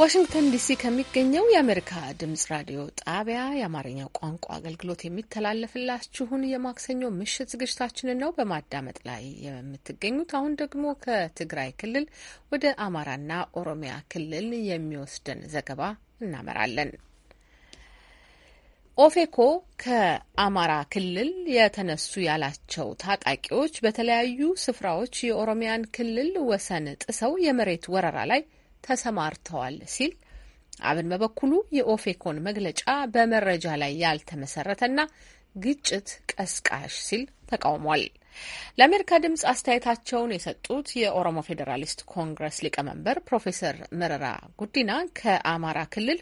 ዋሽንግተን ዲሲ ከሚገኘው የአሜሪካ ድምጽ ራዲዮ ጣቢያ የአማርኛው ቋንቋ አገልግሎት የሚተላለፍላችሁን የማክሰኞ ምሽት ዝግጅታችንን ነው በማዳመጥ ላይ የምትገኙት። አሁን ደግሞ ከትግራይ ክልል ወደ አማራና ኦሮሚያ ክልል የሚወስደን ዘገባ እናመራለን። ኦፌኮ ከአማራ ክልል የተነሱ ያላቸው ታጣቂዎች በተለያዩ ስፍራዎች የኦሮሚያን ክልል ወሰን ጥሰው የመሬት ወረራ ላይ ተሰማርተዋል ሲል አብን በበኩሉ የኦፌኮን መግለጫ በመረጃ ላይ ያልተመሰረተና ግጭት ቀስቃሽ ሲል ተቃውሟል። ለአሜሪካ ድምጽ አስተያየታቸውን የሰጡት የኦሮሞ ፌዴራሊስት ኮንግረስ ሊቀመንበር ፕሮፌሰር መረራ ጉዲና ከአማራ ክልል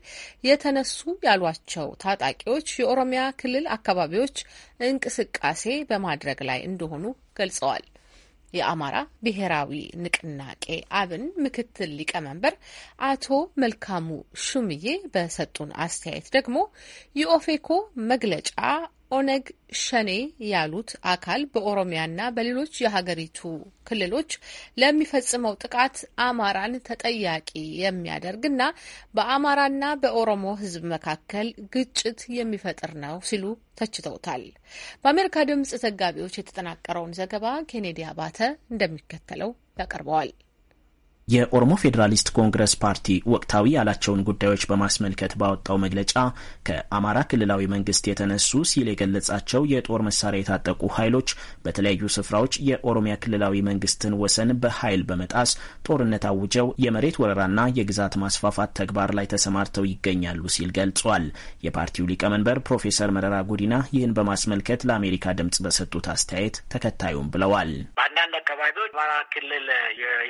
የተነሱ ያሏቸው ታጣቂዎች የኦሮሚያ ክልል አካባቢዎች እንቅስቃሴ በማድረግ ላይ እንደሆኑ ገልጸዋል። የአማራ ብሔራዊ ንቅናቄ አብን ምክትል ሊቀመንበር አቶ መልካሙ ሹምዬ በሰጡን አስተያየት ደግሞ የኦፌኮ መግለጫ ኦነግ ሸኔ ያሉት አካል በኦሮሚያና በሌሎች የሀገሪቱ ክልሎች ለሚፈጽመው ጥቃት አማራን ተጠያቂ የሚያደርግና በአማራና በኦሮሞ ሕዝብ መካከል ግጭት የሚፈጥር ነው ሲሉ ተችተውታል። በአሜሪካ ድምጽ ዘጋቢዎች የተጠናቀረውን ዘገባ ኬኔዲ አባተ እንደሚከተለው ያቀርበዋል። የኦሮሞ ፌዴራሊስት ኮንግረስ ፓርቲ ወቅታዊ ያላቸውን ጉዳዮች በማስመልከት ባወጣው መግለጫ ከአማራ ክልላዊ መንግስት የተነሱ ሲል የገለጻቸው የጦር መሳሪያ የታጠቁ ኃይሎች በተለያዩ ስፍራዎች የኦሮሚያ ክልላዊ መንግስትን ወሰን በኃይል በመጣስ ጦርነት አውጀው የመሬት ወረራና የግዛት ማስፋፋት ተግባር ላይ ተሰማርተው ይገኛሉ ሲል ገልጿል። የፓርቲው ሊቀመንበር ፕሮፌሰር መረራ ጉዲና ይህን በማስመልከት ለአሜሪካ ድምጽ በሰጡት አስተያየት ተከታዩም ብለዋል። በአንዳንድ አካባቢዎች አማራ ክልል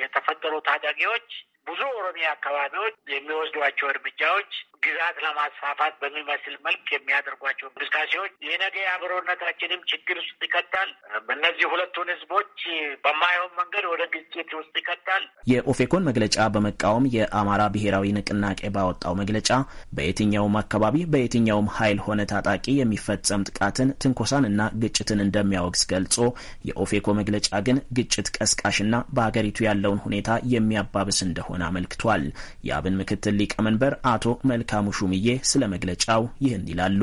የተፈጠሩ ታጣቂዎች ብዙ ኦሮሚያ አካባቢዎች የሚወስዷቸው እርምጃዎች ግዛት ለማስፋፋት በሚመስል መልክ የሚያደርጓቸው እንቅስቃሴዎች የነገ የአብሮነታችንም ችግር ውስጥ ይከታል። እነዚህ ሁለቱን ህዝቦች በማይሆን መንገድ ወደ ግጭት ውስጥ ይከታል። የኦፌኮን መግለጫ በመቃወም የአማራ ብሔራዊ ንቅናቄ ባወጣው መግለጫ በየትኛውም አካባቢ በየትኛውም ኃይል ሆነ ታጣቂ የሚፈጸም ጥቃትን፣ ትንኮሳንና ግጭትን እንደሚያወግዝ ገልጾ የኦፌኮ መግለጫ ግን ግጭት ቀስቃሽና በሀገሪቱ ያለውን ሁኔታ የሚያባብስ እንደሆነ አመልክቷል። የአብን ምክትል ሊቀመንበር አቶ መልክ መልካሙ ሹምዬ ስለ መግለጫው ይህን ይላሉ።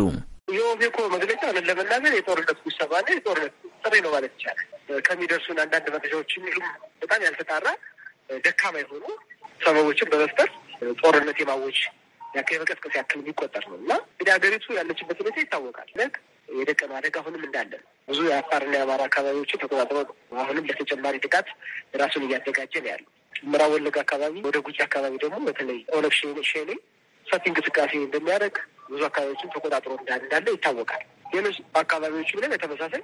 የኦፌኮ መግለጫ ምን ለመናገር የጦርነት ጉሰባ እና የጦርነት ጥሪ ነው ማለት ይቻላል። ከሚደርሱን አንዳንድ መረጃዎች የሚሉም በጣም ያልተጣራ ደካማ የሆኑ ሰበቦችን በመፍጠር ጦርነት የማወጅ ያክል የመቀስቀስ ያክል የሚቆጠር ነው እና እንግዲህ ሀገሪቱ ያለችበት ሁኔታ ይታወቃል። ለክ የደቀ አደጋ አሁንም እንዳለ ነው። ብዙ የአፋርና የአማራ አካባቢዎችን ተቆጣጥሮ አሁንም ለተጨማሪ ጥቃት ራሱን እያዘጋጀ ነው ያሉ ምዕራብ ወለጋ አካባቢ ወደ ጉጂ አካባቢ ደግሞ በተለይ ኦነግ ሸኔ ሰፊ እንቅስቃሴ እንደሚያደርግ ብዙ አካባቢዎችን ተቆጣጥሮ እንዳለ ይታወቃል። ሌሎች አካባቢዎች ብለን የተመሳሳይ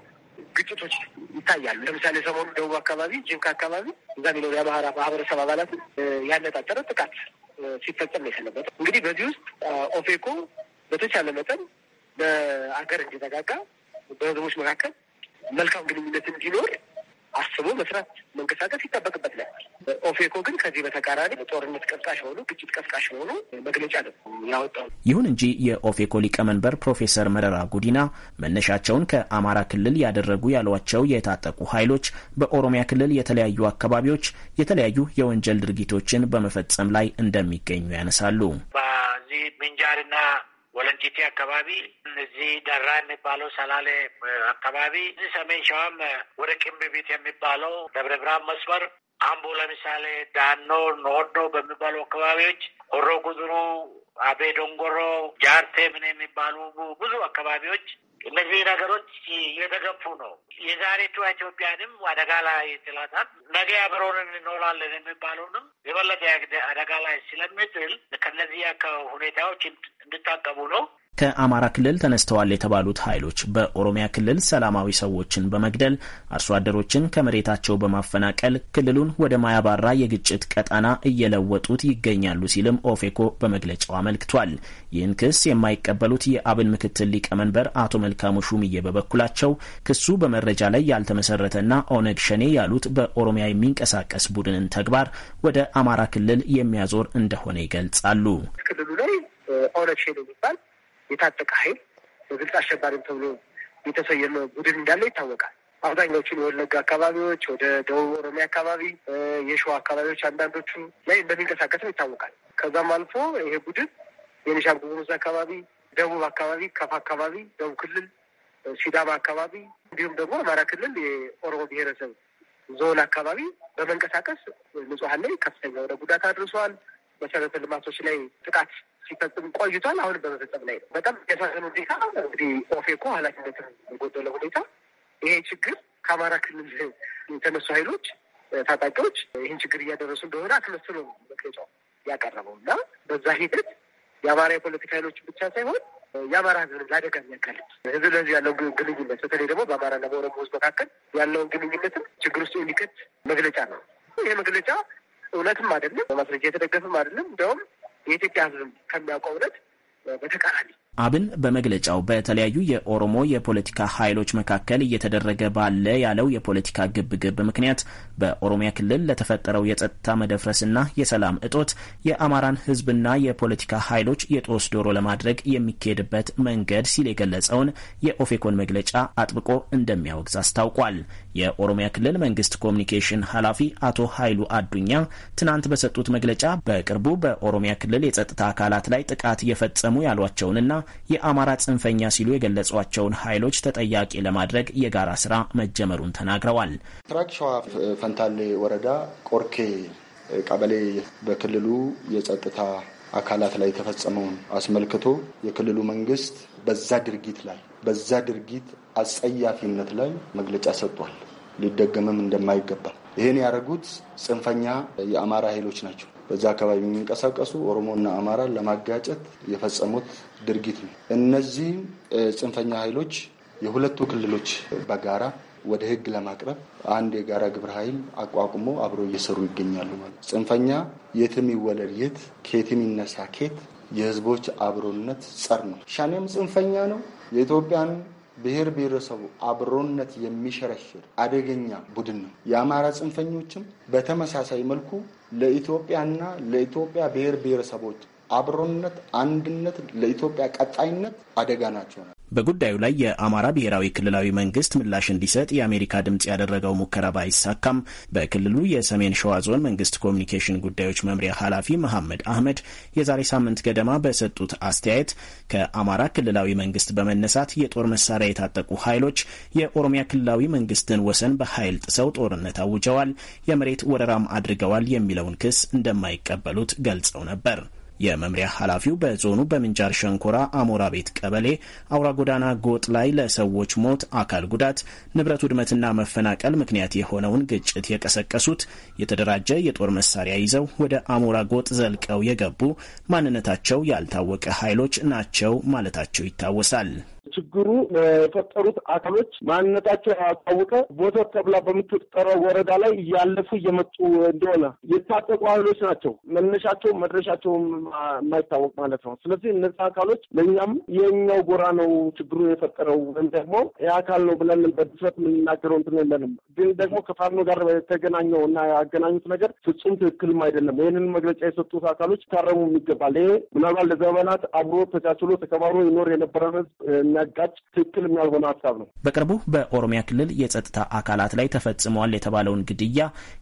ግጭቶች ይታያሉ። ለምሳሌ ሰሞኑ ደቡብ አካባቢ ጅንካ አካባቢ እዛ የሚኖሩ የአማራ ማህበረሰብ አባላት ያነጣጠረ ጥቃት ሲፈጸም የሰነበተ እንግዲህ በዚህ ውስጥ ኦፌኮ በተቻለ መጠን በአገር እንዲረጋጋ በህዝቦች መካከል መልካም ግንኙነት እንዲኖር አስቦ መስራት መንቀሳቀስ ይጠበቅበት ላይ ኦፌኮ ግን ከዚህ በተቃራኒ ጦርነት ቀስቃሽ ሆኑ ግጭት ቀስቃሽ ሆኑ መግለጫ ነው ያወጣው። ይሁን እንጂ የኦፌኮ ሊቀመንበር ፕሮፌሰር መረራ ጉዲና መነሻቸውን ከአማራ ክልል ያደረጉ ያሏቸው የታጠቁ ኃይሎች በኦሮሚያ ክልል የተለያዩ አካባቢዎች የተለያዩ የወንጀል ድርጊቶችን በመፈጸም ላይ እንደሚገኙ ያነሳሉ። በዚህ ምንጃርና ወለንቲቴ አካባቢ እዚህ ደራ የሚባለው ሰላሌ አካባቢ እዚህ ሰሜን ሸዋም ወደ ቤት የሚባለው ደብረ ብርሃን መስመር አምቦ ለምሳሌ ዳኖ ኖዶ በሚባሉ አካባቢዎች ሆሮ ጉድሩ፣ አቤ ዶንጎሮ፣ ጃርቴ ምን የሚባሉ ብዙ አካባቢዎች እነዚህ ነገሮች እየተገፉ ነው። የዛሬቷ ኢትዮጵያንም አደጋ ላይ ጥላታል። ነገ አብረን እንኖራለን የሚባለውንም የበለጠ አደጋ ላይ ስለሚጥል ከነዚህ ሁኔታዎች እንድታቀቡ ነው። ከአማራ ክልል ተነስተዋል የተባሉት ኃይሎች በኦሮሚያ ክልል ሰላማዊ ሰዎችን በመግደል አርሶ አደሮችን ከመሬታቸው በማፈናቀል ክልሉን ወደ ማያባራ የግጭት ቀጣና እየለወጡት ይገኛሉ ሲልም ኦፌኮ በመግለጫው አመልክቷል። ይህን ክስ የማይቀበሉት የአብን ምክትል ሊቀመንበር አቶ መልካሙ ሹምዬ በበኩላቸው ክሱ በመረጃ ላይ ያልተመሰረተና ኦነግ ሸኔ ያሉት በኦሮሚያ የሚንቀሳቀስ ቡድንን ተግባር ወደ አማራ ክልል የሚያዞር እንደሆነ ይገልጻሉ። ክልሉ ላይ ኦነግ ሸኔ የሚባል የታጠቀ ኃይል በግልጽ አሸባሪም ተብሎ የተሰየመ ቡድን እንዳለ ይታወቃል። አብዛኛዎቹን የወለጋ አካባቢዎች፣ ወደ ደቡብ ኦሮሚያ አካባቢ፣ የሸዋ አካባቢዎች አንዳንዶቹ ላይ እንደሚንቀሳቀስም ይታወቃል። ከዛም አልፎ ይሄ ቡድን የቤኒሻንጉል ጉሙዝ አካባቢ፣ ደቡብ አካባቢ፣ ከፋ አካባቢ፣ ደቡብ ክልል፣ ሲዳማ አካባቢ እንዲሁም ደግሞ አማራ ክልል የኦሮሞ ብሔረሰብ ዞን አካባቢ በመንቀሳቀስ ንጹሐን ላይ ከፍተኛ ወደ ጉዳት አድርሰዋል። መሰረተ ልማቶች ላይ ጥቃት ሲፈጽም ቆይቷል። አሁን በመፈጸም ላይ ነው። በጣም የሳሰን ሁኔታ እንግዲህ ኦፌኮ ኃላፊነት የጎደለ ሁኔታ ይሄ ችግር ከአማራ ክልል የተነሱ ኃይሎች ታጣቂዎች ይህን ችግር እያደረሱ እንደሆነ አስመስሎ መግለጫው ያቀረበው እና በዛ ሂደት የአማራ የፖለቲካ ኃይሎች ብቻ ሳይሆን የአማራ ህዝብ ለአደጋ የሚያጋልጥ ህዝብ ለዚህ ያለው ግንኙነት በተለይ ደግሞ በአማራና በኦሮሞ ሕዝብ መካከል ያለውን ግንኙነትም ችግር ውስጥ የሚከት መግለጫ ነው። ይህ መግለጫ እውነትም አይደለም፣ በማስረጃ የተደገፈም አይደለም። እንዲያውም የኢትዮጵያ ሕዝብ ከሚያውቀው እውነት በተቃራኒ አብን በመግለጫው በተለያዩ የኦሮሞ የፖለቲካ ኃይሎች መካከል እየተደረገ ባለ ያለው የፖለቲካ ግብግብ ምክንያት በኦሮሚያ ክልል ለተፈጠረው የጸጥታ መደፍረስና የሰላም እጦት የአማራን ሕዝብና የፖለቲካ ኃይሎች የጦስ ዶሮ ለማድረግ የሚካሄድበት መንገድ ሲል የገለጸውን የኦፌኮን መግለጫ አጥብቆ እንደሚያወግዝ አስታውቋል። የኦሮሚያ ክልል መንግስት ኮሚኒኬሽን ኃላፊ አቶ ኃይሉ አዱኛ ትናንት በሰጡት መግለጫ በቅርቡ በኦሮሚያ ክልል የጸጥታ አካላት ላይ ጥቃት እየፈጸሙ ያሏቸውንና የአማራ ጽንፈኛ ሲሉ የገለጿቸውን ኃይሎች ተጠያቂ ለማድረግ የጋራ ስራ መጀመሩን ተናግረዋል። ምስራቅ ሸዋ ፈንታሌ ወረዳ ቆርኬ ቀበሌ በክልሉ የጸጥታ አካላት ላይ የተፈጸመውን አስመልክቶ የክልሉ መንግስት በዛ ድርጊት ላይ በዛ ድርጊት አጸያፊነት ላይ መግለጫ ሰጥቷል። ሊደገምም እንደማይገባ ይህን ያደረጉት ጽንፈኛ የአማራ ኃይሎች ናቸው። በዛ አካባቢ የሚንቀሳቀሱ ኦሮሞና አማራን ለማጋጨት የፈጸሙት ድርጊት ነው። እነዚህ ጽንፈኛ ኃይሎች የሁለቱ ክልሎች በጋራ ወደ ህግ ለማቅረብ አንድ የጋራ ግብረ ኃይል አቋቁሞ አብሮ እየሰሩ ይገኛሉ። ማለት ጽንፈኛ የትም ይወለድ የት ኬትም ይነሳ ኬት የህዝቦች አብሮነት ጸር ነው። ሻኔም ጽንፈኛ ነው። የኢትዮጵያን ብሔር ብሔረሰቡ አብሮነት የሚሸረሽር አደገኛ ቡድን ነው። የአማራ ጽንፈኞችም በተመሳሳይ መልኩ ለኢትዮጵያና ለኢትዮጵያ ብሔር ብሔረሰቦች አብሮነት፣ አንድነት፣ ለኢትዮጵያ ቀጣይነት አደጋ ናቸው። በጉዳዩ ላይ የአማራ ብሔራዊ ክልላዊ መንግስት ምላሽ እንዲሰጥ የአሜሪካ ድምፅ ያደረገው ሙከራ ባይሳካም በክልሉ የሰሜን ሸዋ ዞን መንግስት ኮሚኒኬሽን ጉዳዮች መምሪያ ኃላፊ መሐመድ አህመድ የዛሬ ሳምንት ገደማ በሰጡት አስተያየት ከአማራ ክልላዊ መንግስት በመነሳት የጦር መሳሪያ የታጠቁ ኃይሎች የኦሮሚያ ክልላዊ መንግስትን ወሰን በኃይል ጥሰው ጦርነት አውጀዋል፣ የመሬት ወረራም አድርገዋል የሚለውን ክስ እንደማይቀበሉት ገልጸው ነበር። የመምሪያ ኃላፊው በዞኑ በምንጃር ሸንኮራ አሞራ ቤት ቀበሌ አውራ ጎዳና ጎጥ ላይ ለሰዎች ሞት፣ አካል ጉዳት፣ ንብረት ውድመትና መፈናቀል ምክንያት የሆነውን ግጭት የቀሰቀሱት የተደራጀ የጦር መሳሪያ ይዘው ወደ አሞራ ጎጥ ዘልቀው የገቡ ማንነታቸው ያልታወቀ ኃይሎች ናቸው ማለታቸው ይታወሳል። ችግሩ የፈጠሩት አካሎች ማንነታቸው ያልታወቀ ቦታ ተብላ በምትጠራው ወረዳ ላይ እያለፉ እየመጡ እንደሆነ የታጠቁ ኃይሎች ናቸው። መነሻቸው መድረሻቸው የማይታወቅ ማለት ነው። ስለዚህ እነዚህ አካሎች ለእኛም የኛው ጎራ ነው ችግሩ የፈጠረው ወይም ደግሞ የአካል ነው ብለን በድፍረት የምንናገረው እንትን የለንም። ግን ደግሞ ከፋኖ ጋር የተገናኘው እና ያገናኙት ነገር ፍጹም ትክክልም አይደለም። ይህንን መግለጫ የሰጡት አካሎች ታረሙ ይገባል። ይሄ ምናልባት ለዘመናት አብሮ ተቻችሎ ተከባብሮ ይኖር የነበረ ህዝብ የሚያጋጭ ትክክል ያልሆነ ሀሳብ ነው። በቅርቡ በኦሮሚያ ክልል የጸጥታ አካላት ላይ ተፈጽመዋል የተባለውን ግድያ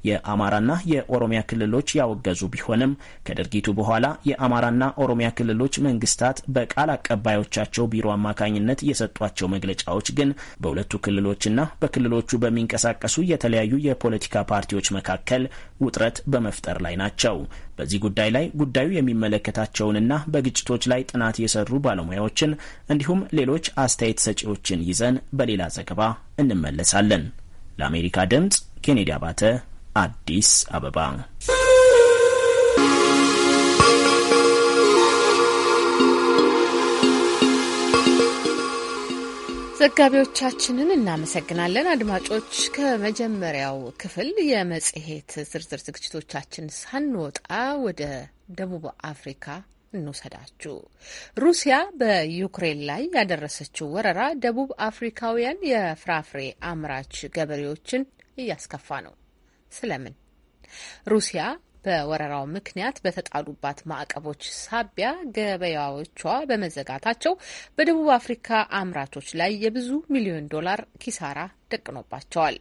የአማራና የኦሮሚያ ክልሎች ያወገዙ ቢሆንም ከድርጊቱ በኋላ የአማራና ኦሮሚያ ክልሎች መንግስታት በቃል አቀባዮቻቸው ቢሮ አማካኝነት የሰጧቸው መግለጫዎች ግን በሁለቱ ክልሎችና በክልሎቹ በሚንቀሳቀሱ የተለያዩ የፖለቲካ ፓርቲዎች መካከል ውጥረት በመፍጠር ላይ ናቸው። በዚህ ጉዳይ ላይ ጉዳዩ የሚመለከታቸውንና በግጭቶች ላይ ጥናት የሰሩ ባለሙያዎችን እንዲሁም ሌሎች አስተያየት ሰጪዎችን ይዘን በሌላ ዘገባ እንመለሳለን። ለአሜሪካ ድምፅ ኬኔዲ አባተ አዲስ አበባ ዘጋቢዎቻችንን እናመሰግናለን። አድማጮች ከመጀመሪያው ክፍል የመጽሔት ዝርዝር ዝግጅቶቻችን ሳንወጣ ወደ ደቡብ አፍሪካ እንውሰዳችሁ። ሩሲያ በዩክሬን ላይ ያደረሰችው ወረራ ደቡብ አፍሪካውያን የፍራፍሬ አምራች ገበሬዎችን እያስከፋ ነው። ስለምን? ሩሲያ በወረራው ምክንያት በተጣሉባት ማዕቀቦች ሳቢያ ገበያዎቿ በመዘጋታቸው በደቡብ አፍሪካ አምራቾች ላይ የብዙ ሚሊዮን ዶላር ኪሳራ ደቅኖባቸዋል።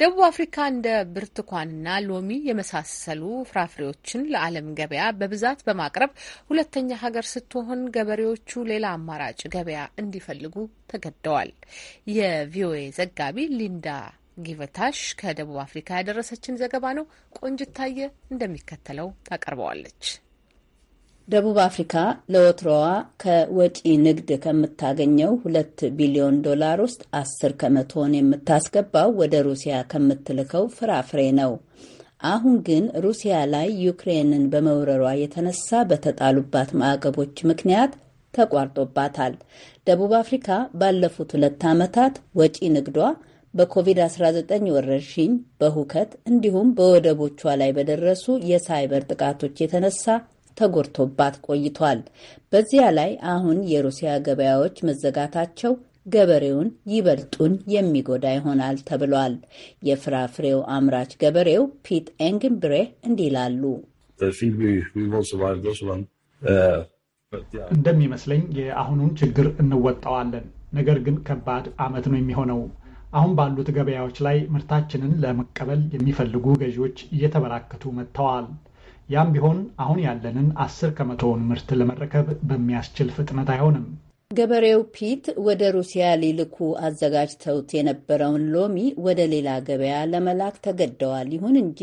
ደቡብ አፍሪካ እንደ ብርቱካንና ሎሚ የመሳሰሉ ፍራፍሬዎችን ለዓለም ገበያ በብዛት በማቅረብ ሁለተኛ ሀገር ስትሆን ገበሬዎቹ ሌላ አማራጭ ገበያ እንዲፈልጉ ተገደዋል። የቪኦኤ ዘጋቢ ሊንዳ ጊቨታሽ ከደቡብ አፍሪካ ያደረሰችን ዘገባ ነው። ቆንጅታየ እንደሚከተለው ታቀርበዋለች። ደቡብ አፍሪካ ለወትሮዋ ከወጪ ንግድ ከምታገኘው ሁለት ቢሊዮን ዶላር ውስጥ አስር ከመቶውን የምታስገባው ወደ ሩሲያ ከምትልከው ፍራፍሬ ነው። አሁን ግን ሩሲያ ላይ ዩክሬንን በመውረሯ የተነሳ በተጣሉባት ማዕቀቦች ምክንያት ተቋርጦባታል። ደቡብ አፍሪካ ባለፉት ሁለት ዓመታት ወጪ ንግዷ በኮቪድ-19 ወረርሽኝ፣ በሁከት እንዲሁም በወደቦቿ ላይ በደረሱ የሳይበር ጥቃቶች የተነሳ ተጎድቶባት ቆይቷል። በዚያ ላይ አሁን የሩሲያ ገበያዎች መዘጋታቸው ገበሬውን ይበልጡን የሚጎዳ ይሆናል ተብሏል። የፍራፍሬው አምራች ገበሬው ፒት ኤንግንብሬ እንዲህ ይላሉ። እንደሚመስለኝ የአሁኑን ችግር እንወጣዋለን፣ ነገር ግን ከባድ ዓመት ነው የሚሆነው። አሁን ባሉት ገበያዎች ላይ ምርታችንን ለመቀበል የሚፈልጉ ገዢዎች እየተበራከቱ መጥተዋል። ያም ቢሆን አሁን ያለንን አስር ከመቶውን ምርት ለመረከብ በሚያስችል ፍጥነት አይሆንም። ገበሬው ፒት ወደ ሩሲያ ሊልኩ አዘጋጅተውት የነበረውን ሎሚ ወደ ሌላ ገበያ ለመላክ ተገደዋል። ይሁን እንጂ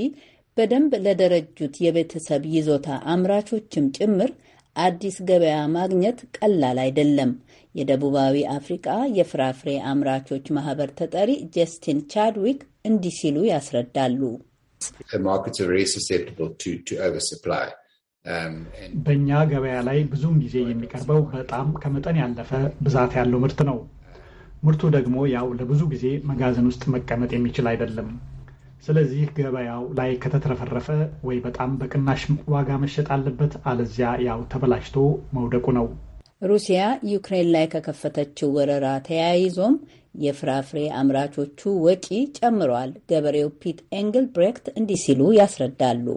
በደንብ ለደረጁት የቤተሰብ ይዞታ አምራቾችም ጭምር አዲስ ገበያ ማግኘት ቀላል አይደለም። የደቡባዊ አፍሪቃ የፍራፍሬ አምራቾች ማህበር ተጠሪ ጀስቲን ቻድዊክ እንዲህ ሲሉ ያስረዳሉ። um, በእኛ ገበያ ላይ ብዙውን ጊዜ የሚቀርበው በጣም ከመጠን ያለፈ ብዛት ያለው ምርት ነው። ምርቱ ደግሞ ያው ለብዙ ጊዜ መጋዘን ውስጥ መቀመጥ የሚችል አይደለም። ስለዚህ ገበያው ላይ ከተትረፈረፈ ወይ በጣም በቅናሽ ዋጋ መሸጥ አለበት፣ አለዚያ ያው ተበላሽቶ መውደቁ ነው። ሩሲያ ዩክሬን ላይ ከከፈተችው ወረራ ተያይዞም የፍራፍሬ አምራቾቹ ወጪ ጨምሯል። ገበሬው ፒት ኤንግል ብሬክት እንዲህ ሲሉ ያስረዳሉ።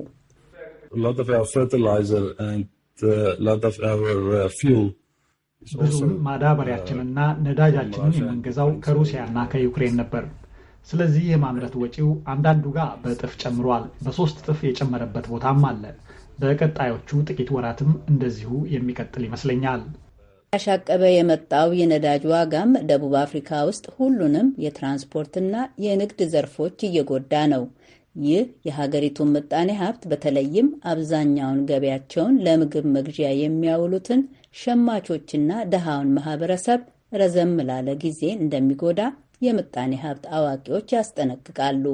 ብዙም uh, uh, ማዳበሪያችንና ነዳጃችንን የምንገዛው ከሩሲያና ከዩክሬን ነበር። ስለዚህ የማምረት ወጪው አንዳንዱ ጋር በእጥፍ ጨምሯል። በሶስት እጥፍ የጨመረበት ቦታም አለ። በቀጣዮቹ ጥቂት ወራትም እንደዚሁ የሚቀጥል ይመስለኛል። ያሻቀበ የመጣው የነዳጅ ዋጋም ደቡብ አፍሪካ ውስጥ ሁሉንም የትራንስፖርትና የንግድ ዘርፎች እየጎዳ ነው። ይህ የሀገሪቱን ምጣኔ ሀብት በተለይም አብዛኛውን ገበያቸውን ለምግብ መግዣ የሚያውሉትን ሸማቾችና ደሃውን ማህበረሰብ ረዘም ላለ ጊዜ እንደሚጎዳ የምጣኔ ሀብት አዋቂዎች ያስጠነቅቃሉ።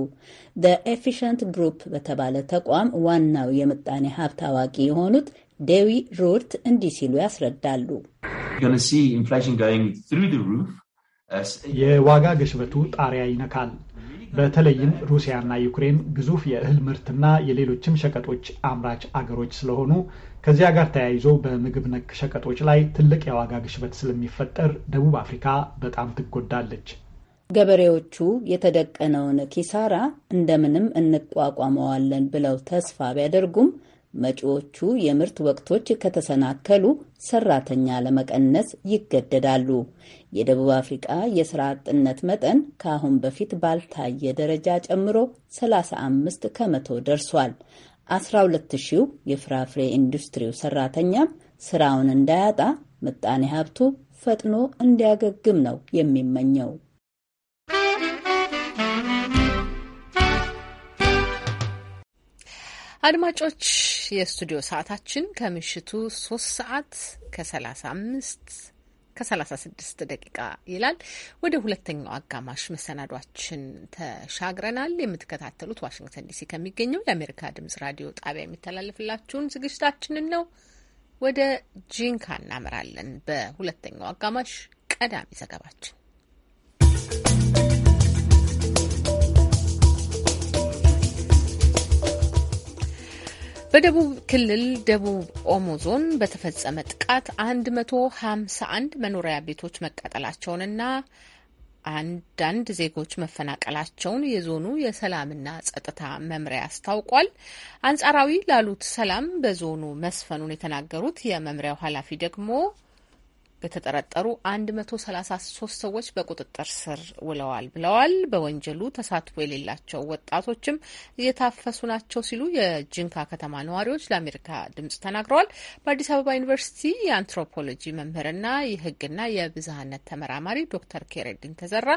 ኤፊሽንት ግሩፕ በተባለ ተቋም ዋናው የምጣኔ ሀብት አዋቂ የሆኑት ዴዊ ሩርት እንዲህ ሲሉ ያስረዳሉ። የዋጋ ግሽበቱ ጣሪያ ይነካል። በተለይም ሩሲያና ዩክሬን ግዙፍ የእህል ምርትና የሌሎችም ሸቀጦች አምራች አገሮች ስለሆኑ ከዚያ ጋር ተያይዞ በምግብ ነክ ሸቀጦች ላይ ትልቅ የዋጋ ግሽበት ስለሚፈጠር ደቡብ አፍሪካ በጣም ትጎዳለች። ገበሬዎቹ የተደቀነውን ኪሳራ እንደምንም እንቋቋመዋለን ብለው ተስፋ ቢያደርጉም መጪዎቹ የምርት ወቅቶች ከተሰናከሉ ሰራተኛ ለመቀነስ ይገደዳሉ። የደቡብ አፍሪቃ የስራ አጥነት መጠን ከአሁን በፊት ባልታየ ደረጃ ጨምሮ 35 ከመቶ ደርሷል። 12 ሺው የፍራፍሬ ኢንዱስትሪው ሰራተኛም ስራውን እንዳያጣ ምጣኔ ሀብቱ ፈጥኖ እንዲያገግም ነው የሚመኘው። አድማጮች የስቱዲዮ ሰዓታችን ከምሽቱ ሶስት ሰዓት ከሰላሳ አምስት ከሰላሳ ስድስት ደቂቃ ይላል። ወደ ሁለተኛው አጋማሽ መሰናዷችን ተሻግረናል። የምትከታተሉት ዋሽንግተን ዲሲ ከሚገኘው የአሜሪካ ድምጽ ራዲዮ ጣቢያ የሚተላለፍላችሁን ዝግጅታችንን ነው። ወደ ጂንካ እናመራለን። በሁለተኛው አጋማሽ ቀዳሚ ዘገባችን በደቡብ ክልል ደቡብ ኦሞ ዞን በተፈጸመ ጥቃት 151 መኖሪያ ቤቶች መቃጠላቸውንና አንዳንድ ዜጎች መፈናቀላቸውን የዞኑ የሰላምና ጸጥታ መምሪያ አስታውቋል። አንጻራዊ ላሉት ሰላም በዞኑ መስፈኑን የተናገሩት የመምሪያው ኃላፊ ደግሞ በተጠረጠሩ 133 ሰዎች በቁጥጥር ስር ውለዋል ብለዋል። በወንጀሉ ተሳትፎ የሌላቸው ወጣቶችም እየታፈሱ ናቸው ሲሉ የጅንካ ከተማ ነዋሪዎች ለአሜሪካ ድምጽ ተናግረዋል። በአዲስ አበባ ዩኒቨርሲቲ የአንትሮፖሎጂ መምህርና የሕግና የብዝሃነት ተመራማሪ ዶክተር ኬሬድን ተዘራ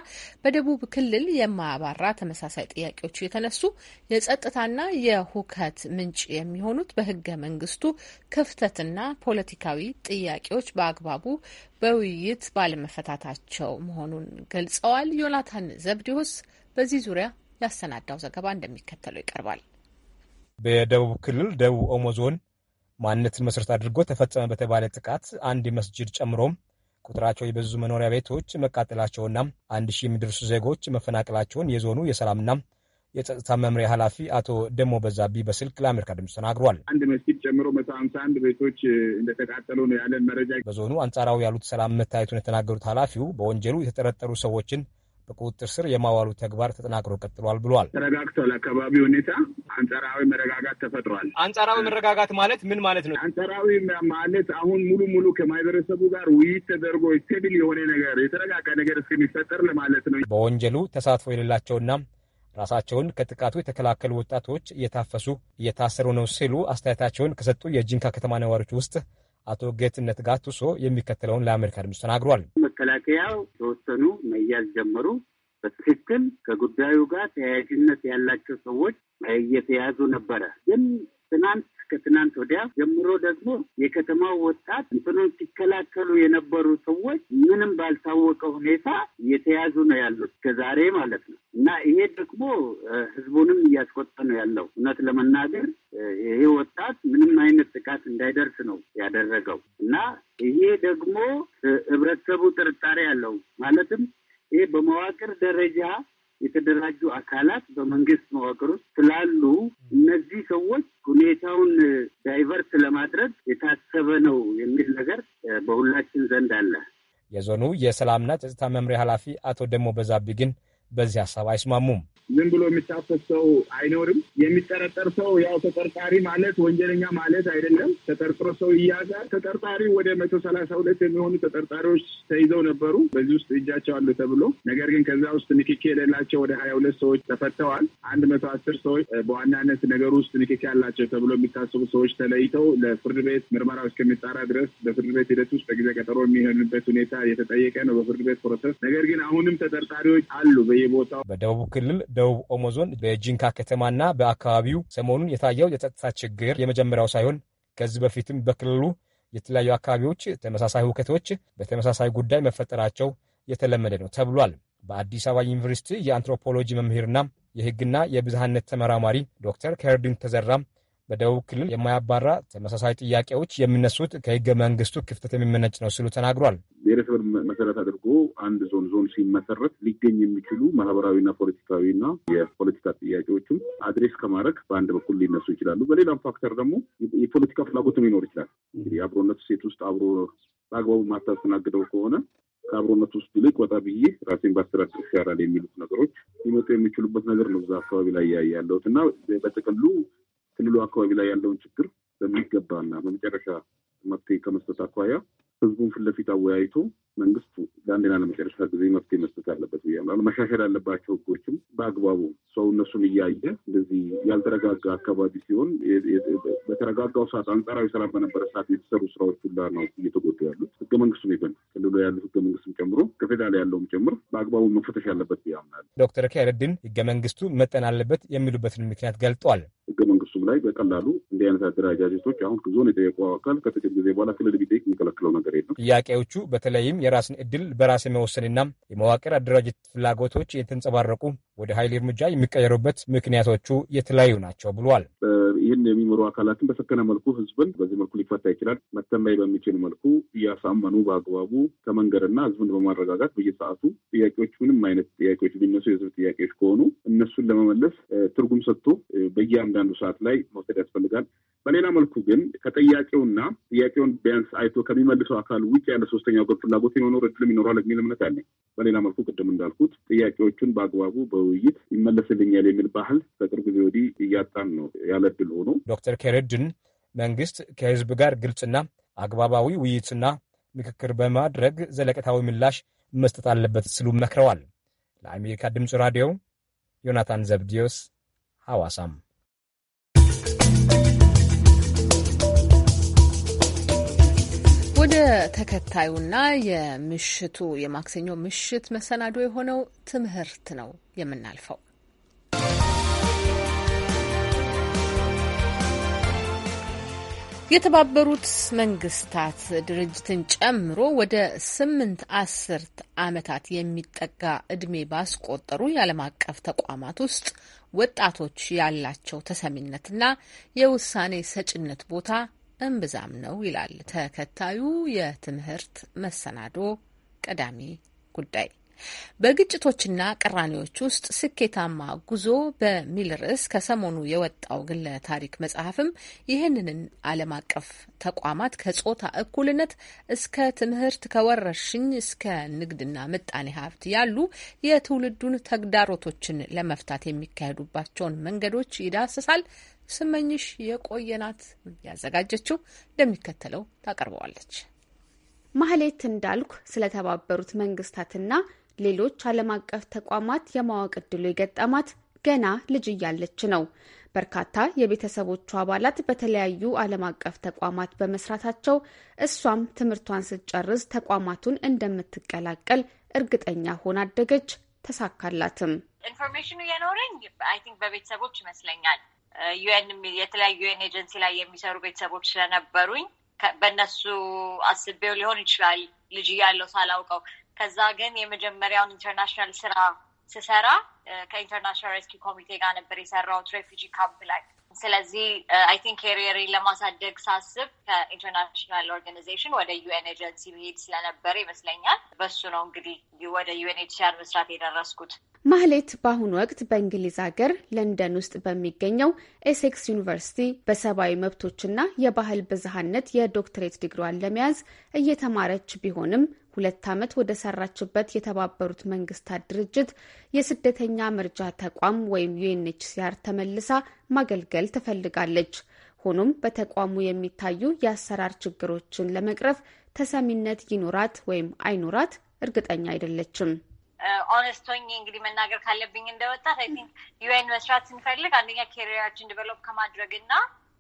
በደቡብ ክልል የማያባራ ተመሳሳይ ጥያቄዎች እየተነሱ የጸጥታና የሁከት ምንጭ የሚሆኑት በህገ መንግስቱ ክፍተትና ፖለቲካዊ ጥያቄዎች በአግባቡ በውይይት ባለመፈታታቸው መሆኑን ገልጸዋል። ዮናታን ዘብዲሁስ በዚህ ዙሪያ ያሰናዳው ዘገባ እንደሚከተለው ይቀርባል። በደቡብ ክልል ደቡብ ኦሞ ዞን ማንነትን መሰረት አድርጎ ተፈጸመ በተባለ ጥቃት አንድ መስጅድ ጨምሮ ቁጥራቸው የበዙ መኖሪያ ቤቶች መቃጠላቸውና አንድ ሺህ የሚደርሱ ዜጎች መፈናቀላቸውን የዞኑ የሰላምና የጸጥታ መምሪያ ኃላፊ አቶ ደሞ በዛቢ በስልክ ለአሜሪካ ድምፅ ተናግሯል። አንድ መስጊድ ጨምሮ መቶ ሀምሳ አንድ ቤቶች እንደተቃጠሉ ነው ያለን መረጃ። በዞኑ አንጻራዊ ያሉት ሰላም መታየቱን የተናገሩት ኃላፊው በወንጀሉ የተጠረጠሩ ሰዎችን በቁጥጥር ስር የማዋሉ ተግባር ተጠናክሮ ቀጥሏል ብሏል። ተረጋግቷል። አካባቢ ሁኔታ አንጻራዊ መረጋጋት ተፈጥሯል። አንጻራዊ መረጋጋት ማለት ምን ማለት ነው? አንጻራዊ ማለት አሁን ሙሉ ሙሉ ከማህበረሰቡ ጋር ውይይት ተደርጎ ስቴብል የሆነ ነገር የተረጋጋ ነገር እስከሚፈጠር ለማለት ነው። በወንጀሉ ተሳትፎ የሌላቸውና ራሳቸውን ከጥቃቱ የተከላከሉ ወጣቶች እየታፈሱ እየታሰሩ ነው ሲሉ አስተያየታቸውን ከሰጡ የጂንካ ከተማ ነዋሪዎች ውስጥ አቶ ጌትነት ጋቱሶ የሚከተለውን ለአሜሪካ ድምፅ ተናግሯል። መከላከያው ተወሰኑ መያዝ ጀመሩ። በትክክል ከጉዳዩ ጋር ተያያዥነት ያላቸው ሰዎች እየተያዙ ነበረ ግን ትናንት ከትናንት ወዲያ ጀምሮ ደግሞ የከተማው ወጣት እንትኑን ሲከላከሉ የነበሩ ሰዎች ምንም ባልታወቀ ሁኔታ እየተያዙ ነው ያሉት ከዛሬ ማለት ነው። እና ይሄ ደግሞ ህዝቡንም እያስቆጣ ነው ያለው። እውነት ለመናገር ይሄ ወጣት ምንም አይነት ጥቃት እንዳይደርስ ነው ያደረገው። እና ይሄ ደግሞ ህብረተሰቡ ጥርጣሬ አለው ማለትም ይሄ በመዋቅር ደረጃ የተደራጁ አካላት በመንግስት መዋቅር ውስጥ ስላሉ እነዚህ ሰዎች ሁኔታውን ዳይቨርት ለማድረግ የታሰበ ነው የሚል ነገር በሁላችን ዘንድ አለ። የዞኑ የሰላምና ጸጥታ መምሪያ ኃላፊ አቶ ደሞ በዛቢ ግን በዚህ ሀሳብ አይስማሙም። ዝም ብሎ የሚታፈስ ሰው አይኖርም። የሚጠረጠር ሰው ያው ተጠርጣሪ ማለት ወንጀለኛ ማለት አይደለም። ተጠርጥሮ ሰው ይያዛል። ተጠርጣሪ ወደ መቶ ሰላሳ ሁለት የሚሆኑ ተጠርጣሪዎች ተይዘው ነበሩ። በዚህ ውስጥ እጃቸው አሉ ተብሎ ነገር ግን ከዛ ውስጥ ንክኪ የሌላቸው ወደ ሀያ ሁለት ሰዎች ተፈተዋል። አንድ መቶ አስር ሰዎች በዋናነት ነገሩ ውስጥ ንክኪ ያላቸው ተብሎ የሚታሰቡ ሰዎች ተለይተው ለፍርድ ቤት ምርመራው እስከሚጣራ ድረስ በፍርድ ቤት ሂደት ውስጥ በጊዜ ቀጠሮ የሚሆንበት ሁኔታ የተጠየቀ ነው በፍርድ ቤት ፕሮሰስ። ነገር ግን አሁንም ተጠርጣሪዎች አሉ በየ በየቦታው በደቡብ ክልል ደቡብ ኦሞ ዞን በጂንካ ከተማና በአካባቢው ሰሞኑን የታየው የጸጥታ ችግር የመጀመሪያው ሳይሆን ከዚህ በፊትም በክልሉ የተለያዩ አካባቢዎች ተመሳሳይ ሁከቶች በተመሳሳይ ጉዳይ መፈጠራቸው የተለመደ ነው ተብሏል። በአዲስ አበባ ዩኒቨርሲቲ የአንትሮፖሎጂ መምህርና የሕግና የብዝሃነት ተመራማሪ ዶክተር ከርድን ተዘራም በደቡብ ክልል የማያባራ ተመሳሳይ ጥያቄዎች የሚነሱት ከህገ መንግስቱ ክፍተት የሚመነጭ ነው ሲሉ ተናግሯል። ብሔረሰብን መሰረት አድርጎ አንድ ዞን ዞን ሲመሰረት ሊገኝ የሚችሉ ማህበራዊና ፖለቲካዊና የፖለቲካ ጥያቄዎችም አድሬስ ከማድረግ በአንድ በኩል ሊነሱ ይችላሉ። በሌላም ፋክተር ደግሞ የፖለቲካ ፍላጎትም ሊኖር ይችላል። እንግዲህ የአብሮነት ሴት ውስጥ አብሮ በአግባቡ ማታስተናግደው ከሆነ ከአብሮነት ውስጥ ይልቅ ወጣ ብዬ ራሴን ባስተዳደር ይሻላል የሚሉት ነገሮች ሊመጡ የሚችሉበት ነገር ነው እዛ አካባቢ ላይ ያለሁት እና በጥቅሉ ክልሉ አካባቢ ላይ ያለውን ችግር በሚገባና በመጨረሻ መፍትሄ ከመስጠት አኳያ ህዝቡን ፊት ለፊት አወያይቶ መንግስት ለአንዴና ለመጨረሻ ጊዜ መፍትሄ መስጠት አለበት ብዬ አምናለሁ። መሻሻል ያለባቸው ህጎችም በአግባቡ ሰው እነሱን እያየ እንደዚህ ያልተረጋጋ አካባቢ ሲሆን በተረጋጋው ሰዓት አንጻራዊ ሰላም በነበረ ሰዓት የተሰሩ ስራዎች ሁላ ነው እየተጎዱ ያሉት። ህገ መንግስቱ ይበን ክልሉ ያሉ ህገ መንግስትም ጨምሮ ከፌዴራል ያለውም ጭምር በአግባቡ መፈተሽ ያለበት ብዬ አምናለሁ። ዶክተር ኪያረድን ህገ መንግስቱ መጠን አለበት የሚሉበትን ምክንያት ገልጧል። ህገ መንግስቱም ላይ በቀላሉ እንዲህ አይነት አደረጃጀቶች አሁን ዞን የጠየቀው አካል ከጥቂት ጊዜ በኋላ ክልል ቢጠይቅ የሚከለክለው ነገር የለም። ጥያቄዎቹ በተለይም የራስን እድል በራስ የመወሰንና የመዋቅር አደራጀት ፍላጎቶች የተንጸባረቁ ወደ ኃይል እርምጃ የሚቀየሩበት ምክንያቶቹ የተለያዩ ናቸው ብሏል። ይህን የሚመሩ አካላትን በሰከነ መልኩ ህዝብን በዚህ መልኩ ሊፈታ ይችላል። መተማይ በሚችል መልኩ እያሳመኑ በአግባቡ ከመንገድና ህዝብን በማረጋጋት በየሰዓቱ ጥያቄዎች፣ ምንም አይነት ጥያቄዎች የሚነሱ የህዝብ ጥያቄዎች ከሆኑ እነሱን ለመመለስ ትርጉም ሰጥቶ በያንዳንዱ ሰዓት ላይ መውሰድ ያስፈልጋል። በሌላ መልኩ ግን ከጠያቄውና ጥያቄውን ቢያንስ አይቶ ከሚመልሰው አካል ውጭ ያለ ሶስተኛ ወገን ፍላጎት የመኖር እድልም ይኖረዋል የሚል እምነት አለኝ። በሌላ መልኩ ቅድም እንዳልኩት ጥያቄዎቹን በአግባቡ በውይይት ይመለስልኛል የሚል ባህል ከቅርብ ጊዜ ወዲህ እያጣን ነው ያለ እድል ሆኖ ዶክተር ኬረድን መንግስት ከህዝብ ጋር ግልጽና አግባባዊ ውይይትና ምክክር በማድረግ ዘለቀታዊ ምላሽ መስጠት አለበት ሲሉ መክረዋል። ለአሜሪካ ድምፅ ራዲዮ ዮናታን ዘብዲዮስ ሐዋሳም ወደ ተከታዩና የምሽቱ የማክሰኞ ምሽት መሰናዶ የሆነው ትምህርት ነው የምናልፈው። የተባበሩት መንግስታት ድርጅትን ጨምሮ ወደ ስምንት አስርት ዓመታት የሚጠጋ እድሜ ባስቆጠሩ የዓለም አቀፍ ተቋማት ውስጥ ወጣቶች ያላቸው ተሰሚነትና የውሳኔ ሰጭነት ቦታ እምብዛም ነው ይላል ተከታዩ የትምህርት መሰናዶ ቀዳሚ ጉዳይ። በግጭቶችና ቅራኔዎች ውስጥ ስኬታማ ጉዞ በሚል ርዕስ ከሰሞኑ የወጣው ግለ ታሪክ መጽሐፍም ይህንን ዓለም አቀፍ ተቋማት ከጾታ እኩልነት እስከ ትምህርት፣ ከወረርሽኝ እስከ ንግድና ምጣኔ ሀብት ያሉ የትውልዱን ተግዳሮቶችን ለመፍታት የሚካሄዱባቸውን መንገዶች ይዳስሳል። ስመኝሽ የቆየናት ያዘጋጀችው እንደሚከተለው ታቀርበዋለች። ማህሌት እንዳልኩ ስለተባበሩት መንግስታትና ሌሎች ዓለም አቀፍ ተቋማት የማወቅ እድሉ የገጠማት ገና ልጅ እያለች ነው። በርካታ የቤተሰቦቹ አባላት በተለያዩ ዓለም አቀፍ ተቋማት በመስራታቸው እሷም ትምህርቷን ስትጨርስ ተቋማቱን እንደምትቀላቀል እርግጠኛ ሆና አደገች። ተሳካላትም። ኢንፎርሜሽኑ የኖረኝ አይ ቲንክ በቤተሰቦች ይመስለኛል። ዩኤን የተለያዩ ዩኤን ኤጀንሲ ላይ የሚሰሩ ቤተሰቦች ስለነበሩኝ በእነሱ አስቤው ሊሆን ይችላል ልጅ ያለው ሳላውቀው ከዛ ግን የመጀመሪያውን ኢንተርናሽናል ስራ ስሰራ ከኢንተርናሽናል ሬስኪ ኮሚቴ ጋር ነበር የሰራሁት ሬፊጂ ካምፕ ላይ። ስለዚህ አይ ቲንክ ኬሪየሬን ለማሳደግ ሳስብ ከኢንተርናሽናል ኦርጋናይዜሽን ወደ ዩኤን ኤጀንሲ መሄድ ስለነበረ ይመስለኛል። በሱ ነው እንግዲህ ወደ ዩኤንኤችሲአር መስራት የደረስኩት። ማህሌት በአሁኑ ወቅት በእንግሊዝ ሀገር ለንደን ውስጥ በሚገኘው ኤሴክስ ዩኒቨርሲቲ በሰብአዊ መብቶችና የባህል ብዝሃነት የዶክትሬት ዲግሪዋን ለመያዝ እየተማረች ቢሆንም ሁለት ዓመት ወደ ሰራችበት የተባበሩት መንግስታት ድርጅት የስደተኛ መርጃ ተቋም ወይም ዩኤንኤችሲአር ተመልሳ ማገልገል ትፈልጋለች። ሆኖም በተቋሙ የሚታዩ የአሰራር ችግሮችን ለመቅረፍ ተሰሚነት ይኖራት ወይም አይኖራት እርግጠኛ አይደለችም። ኦነስቶኝ እንግዲህ መናገር ካለብኝ እንደወጣት አይ ቲንክ ዩኤን መስራት ስንፈልግ አንደኛ ኬሪያችን ዲቨሎፕ ከማድረግ እና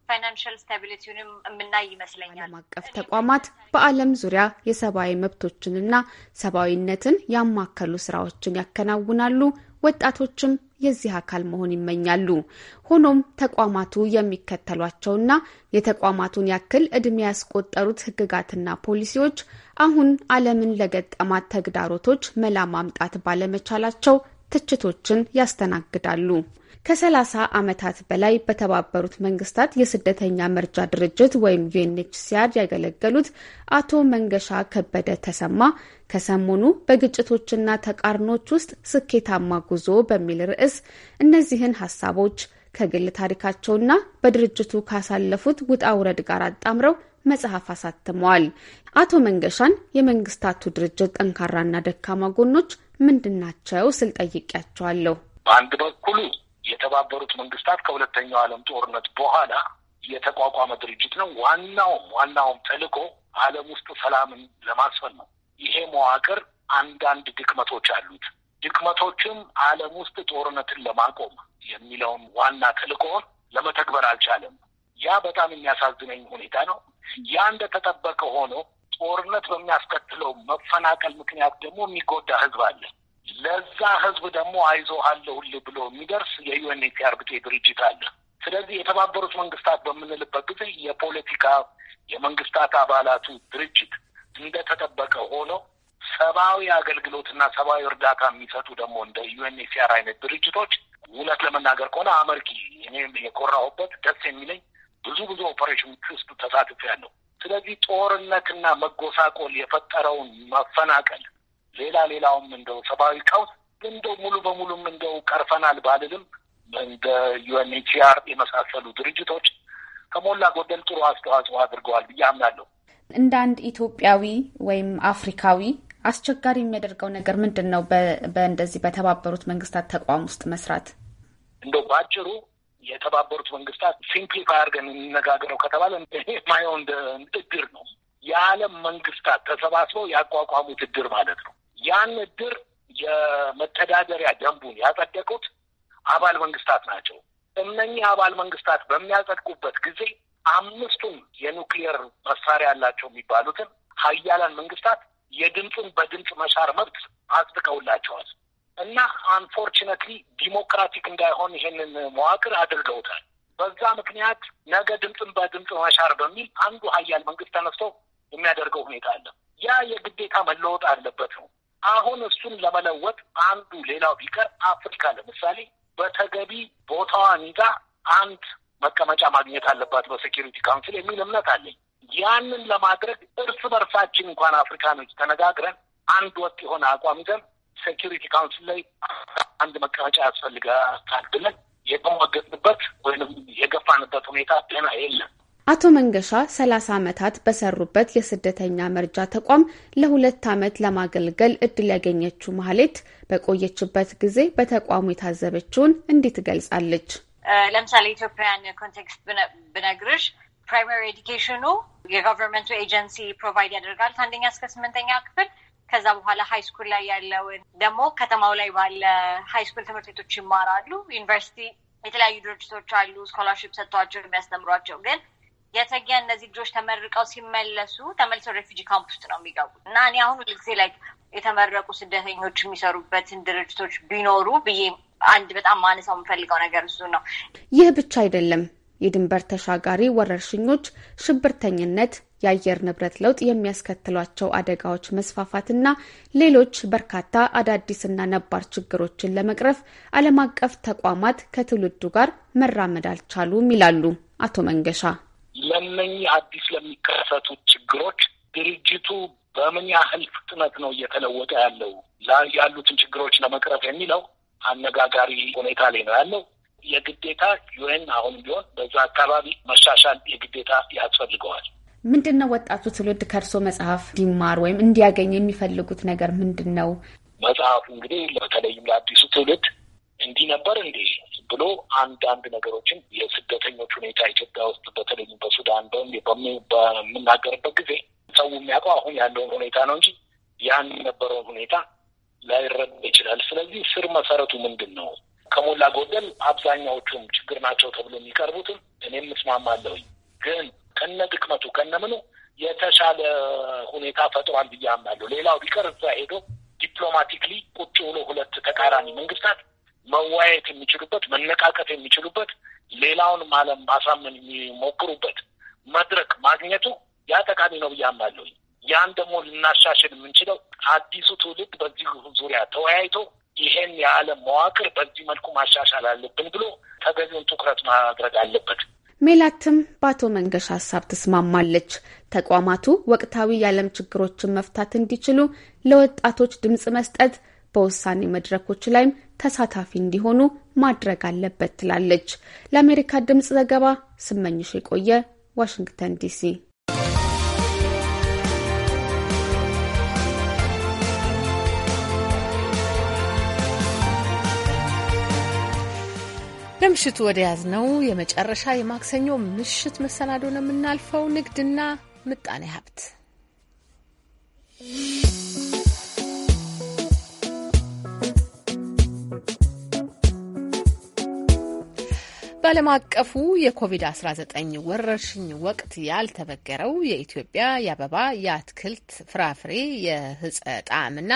ፋይናንሽል ስታቢሊቲውንም የምናይ ይመስለኛል። ዓለም አቀፍ ተቋማት በዓለም ዙሪያ የሰብአዊ መብቶችንና ሰብአዊነትን ያማከሉ ስራዎችን ያከናውናሉ። ወጣቶችም የዚህ አካል መሆን ይመኛሉ። ሆኖም ተቋማቱ የሚከተሏቸውና የተቋማቱን ያክል እድሜ ያስቆጠሩት ህግጋትና ፖሊሲዎች አሁን ዓለምን ለገጠማት ተግዳሮቶች መላ ማምጣት ባለመቻላቸው ትችቶችን ያስተናግዳሉ። ከ30 ዓመታት በላይ በተባበሩት መንግስታት የስደተኛ መርጃ ድርጅት ወይም ዩኤንኤችሲአር ያገለገሉት አቶ መንገሻ ከበደ ተሰማ ከሰሞኑ በግጭቶችና ተቃርኖች ውስጥ ስኬታማ ጉዞ በሚል ርዕስ እነዚህን ሀሳቦች ከግል ታሪካቸውና በድርጅቱ ካሳለፉት ውጣ ውረድ ጋር አጣምረው መጽሐፍ አሳትመዋል። አቶ መንገሻን የመንግስታቱ ድርጅት ጠንካራና ደካማ ጎኖች ምንድናቸው ስል ጠይቄያቸዋለሁ። በአንድ በኩል የተባበሩት መንግስታት ከሁለተኛው ዓለም ጦርነት በኋላ የተቋቋመ ድርጅት ነው። ዋናውም ዋናውም ተልዕኮ ዓለም ውስጥ ሰላምን ለማስፈን ነው። ይሄ መዋቅር አንዳንድ ድክመቶች አሉት። ድክመቶችም ዓለም ውስጥ ጦርነትን ለማቆም የሚለውን ዋና ተልዕኮውን ለመተግበር አልቻለም። ያ በጣም የሚያሳዝነኝ ሁኔታ ነው። ያ እንደተጠበቀ ሆኖ ጦርነት በሚያስከትለው መፈናቀል ምክንያት ደግሞ የሚጎዳ ህዝብ አለ። ለዛ ህዝብ ደግሞ አይዞ አለሁልህ ብሎ የሚደርስ የዩኤንኤችሲአር ብጤ ድርጅት አለ። ስለዚህ የተባበሩት መንግስታት በምንልበት ጊዜ የፖለቲካ የመንግስታት አባላቱ ድርጅት እንደተጠበቀ ሆኖ ሰብአዊ አገልግሎትና ሰብአዊ እርዳታ የሚሰጡ ደግሞ እንደ ዩኤንኤችሲአር አይነት ድርጅቶች እውነት ለመናገር ከሆነ አመርቂ እኔም የኮራሁበት ደስ የሚለኝ ብዙ ብዙ ኦፐሬሽኖች ውስጥ ተሳትፌያለሁ። ስለዚህ ጦርነትና መጎሳቆል የፈጠረውን መፈናቀል ሌላ ሌላውም እንደው ሰብአዊ ቀውስ እንደው ሙሉ በሙሉም እንደው ቀርፈናል ባልልም እንደ ዩኤንኤችሲአር የመሳሰሉ ድርጅቶች ከሞላ ጎደል ጥሩ አስተዋጽኦ አድርገዋል ብዬ አምናለሁ። እንደ አንድ ኢትዮጵያዊ ወይም አፍሪካዊ አስቸጋሪ የሚያደርገው ነገር ምንድን ነው? በእንደዚህ በተባበሩት መንግስታት ተቋም ውስጥ መስራት እንደው በአጭሩ የተባበሩት መንግስታት ሲምፕሊፋይ አድርገን እንነጋገረው ከተባለ ማየው እንደ እድር ነው። የዓለም መንግስታት ተሰባስበው ያቋቋሙት እድር ማለት ነው። ያን እድር የመተዳደሪያ ደንቡን ያጸደቁት አባል መንግስታት ናቸው። እነኚህ አባል መንግስታት በሚያጸድቁበት ጊዜ አምስቱን የኑክሊየር መሳሪያ ያላቸው የሚባሉትን ሀያላን መንግስታት የድምፁን በድምፅ መሻር መብት አጽድቀውላቸዋል እና አንፎርችነትሊ ዲሞክራቲክ እንዳይሆን ይሄንን መዋቅር አድርገውታል። በዛ ምክንያት ነገ ድምፅን በድምፅ መሻር በሚል አንዱ ሀያል መንግስት ተነስቶ የሚያደርገው ሁኔታ አለ። ያ የግዴታ መለወጥ አለበት ነው። አሁን እሱን ለመለወጥ አንዱ ሌላው ቢቀር አፍሪካ ለምሳሌ በተገቢ ቦታዋን ይዛ አንድ መቀመጫ ማግኘት አለባት በሴኪሪቲ ካውንስል የሚል እምነት አለኝ። ያንን ለማድረግ እርስ በርሳችን እንኳን አፍሪካኖች ተነጋግረን አንድ ወጥ የሆነ አቋም ይዘን ሴኪሪቲ ካውንስል ላይ አንድ መቀመጫ ያስፈልጋታል ብለን የተሟገጥንበት ወይም የገፋንበት ሁኔታ ገና የለም። አቶ መንገሻ ሰላሳ ዓመታት በሰሩበት የስደተኛ መርጃ ተቋም ለሁለት ዓመት ለማገልገል እድል ያገኘችው ማህሌት በቆየችበት ጊዜ በተቋሙ የታዘበችውን እንዲህ ትገልጻለች። ለምሳሌ ኢትዮጵያን ኮንቴክስት ብነግርሽ ፕራይማሪ ኤዲኬሽኑ የጋቨርንመንቱ ኤጀንሲ ፕሮቫይድ ያደርጋል ከአንደኛ እስከ ስምንተኛ ክፍል። ከዛ በኋላ ሀይ ስኩል ላይ ያለውን ደግሞ ከተማው ላይ ባለ ሀይ ስኩል ትምህርት ቤቶች ይማራሉ። ዩኒቨርሲቲ የተለያዩ ድርጅቶች አሉ ስኮላርሽፕ ሰጥቷቸው የሚያስተምሯቸው ግን የተጊያ እነዚህ ልጆች ተመርቀው ሲመለሱ ተመልሰው ሬፊጂ ካምፕ ውስጥ ነው የሚገቡት እና እኔ አሁን ጊዜ ላይ የተመረቁ ስደተኞች የሚሰሩበትን ድርጅቶች ቢኖሩ ብዬ አንድ በጣም ማነሳው የምፈልገው ነገር እሱ ነው። ይህ ብቻ አይደለም። የድንበር ተሻጋሪ ወረርሽኞች፣ ሽብርተኝነት፣ የአየር ንብረት ለውጥ የሚያስከትሏቸው አደጋዎች መስፋፋትና ሌሎች በርካታ አዳዲስና ነባር ችግሮችን ለመቅረፍ ዓለም አቀፍ ተቋማት ከትውልዱ ጋር መራመድ አልቻሉም ይላሉ አቶ መንገሻ። ለነኚህ አዲስ ለሚከሰቱ ችግሮች ድርጅቱ በምን ያህል ፍጥነት ነው እየተለወጠ ያለው ያሉትን ችግሮች ለመቅረፍ የሚለው አነጋጋሪ ሁኔታ ላይ ነው ያለው። የግዴታ ዩኤን አሁን ቢሆን በዛ አካባቢ መሻሻል የግዴታ ያስፈልገዋል። ምንድን ነው ወጣቱ ትውልድ ከእርሶ መጽሐፍ እንዲማር ወይም እንዲያገኝ የሚፈልጉት ነገር ምንድን ነው? መጽሐፉ እንግዲህ በተለይም ለአዲሱ ትውልድ እንዲህ ነበር እንዴ ብሎ አንዳንድ ነገሮችን የስደተኞች ሁኔታ ኢትዮጵያ ውስጥ በተለይም በሱዳን በምናገርበት ጊዜ ሰው የሚያውቀው አሁን ያለውን ሁኔታ ነው እንጂ ያን የነበረውን ሁኔታ ላይረዳ ይችላል። ስለዚህ ስር መሰረቱ ምንድን ነው? ከሞላ ጎደል አብዛኛዎቹም ችግር ናቸው ተብሎ የሚቀርቡትም እኔም እስማማለሁኝ። ግን ከነ ድክመቱ ከነምኑ የተሻለ ሁኔታ ፈጥሯል ብዬ አምናለሁ። ሌላው ቢቀር እዛ ሄዶ ዲፕሎማቲክሊ ቁጭ ብሎ ሁለት ተቃራኒ መንግስታት መወያየት የሚችሉበት መነቃቀት የሚችሉበት ሌላውን ዓለም ማሳመን የሚሞክሩበት መድረክ ማግኘቱ ያ ጠቃሚ ነው ብዬ አምናለሁ። ያን ደግሞ ልናሻሽል የምንችለው አዲሱ ትውልድ በዚህ ዙሪያ ተወያይቶ ይሄን የዓለም መዋቅር በዚህ መልኩ ማሻሻል አለብን ብሎ ተገቢውን ትኩረት ማድረግ አለበት። ሜላትም በአቶ መንገሻ ሀሳብ ትስማማለች። ተቋማቱ ወቅታዊ የዓለም ችግሮችን መፍታት እንዲችሉ ለወጣቶች ድምፅ መስጠት፣ በውሳኔ መድረኮች ላይም ተሳታፊ እንዲሆኑ ማድረግ አለበት ትላለች። ለአሜሪካ ድምፅ ዘገባ ስመኝሽ የቆየ ዋሽንግተን ዲሲ። ለምሽቱ ወደ ያዝነው የመጨረሻ የማክሰኞ ምሽት መሰናዶ ነው የምናልፈው። ንግድና ምጣኔ ሀብት በዓለም አቀፉ የኮቪድ-19 ወረርሽኝ ወቅት ያልተበገረው የኢትዮጵያ የአበባ፣ የአትክልት፣ ፍራፍሬ፣ የህጸ ጣዕምና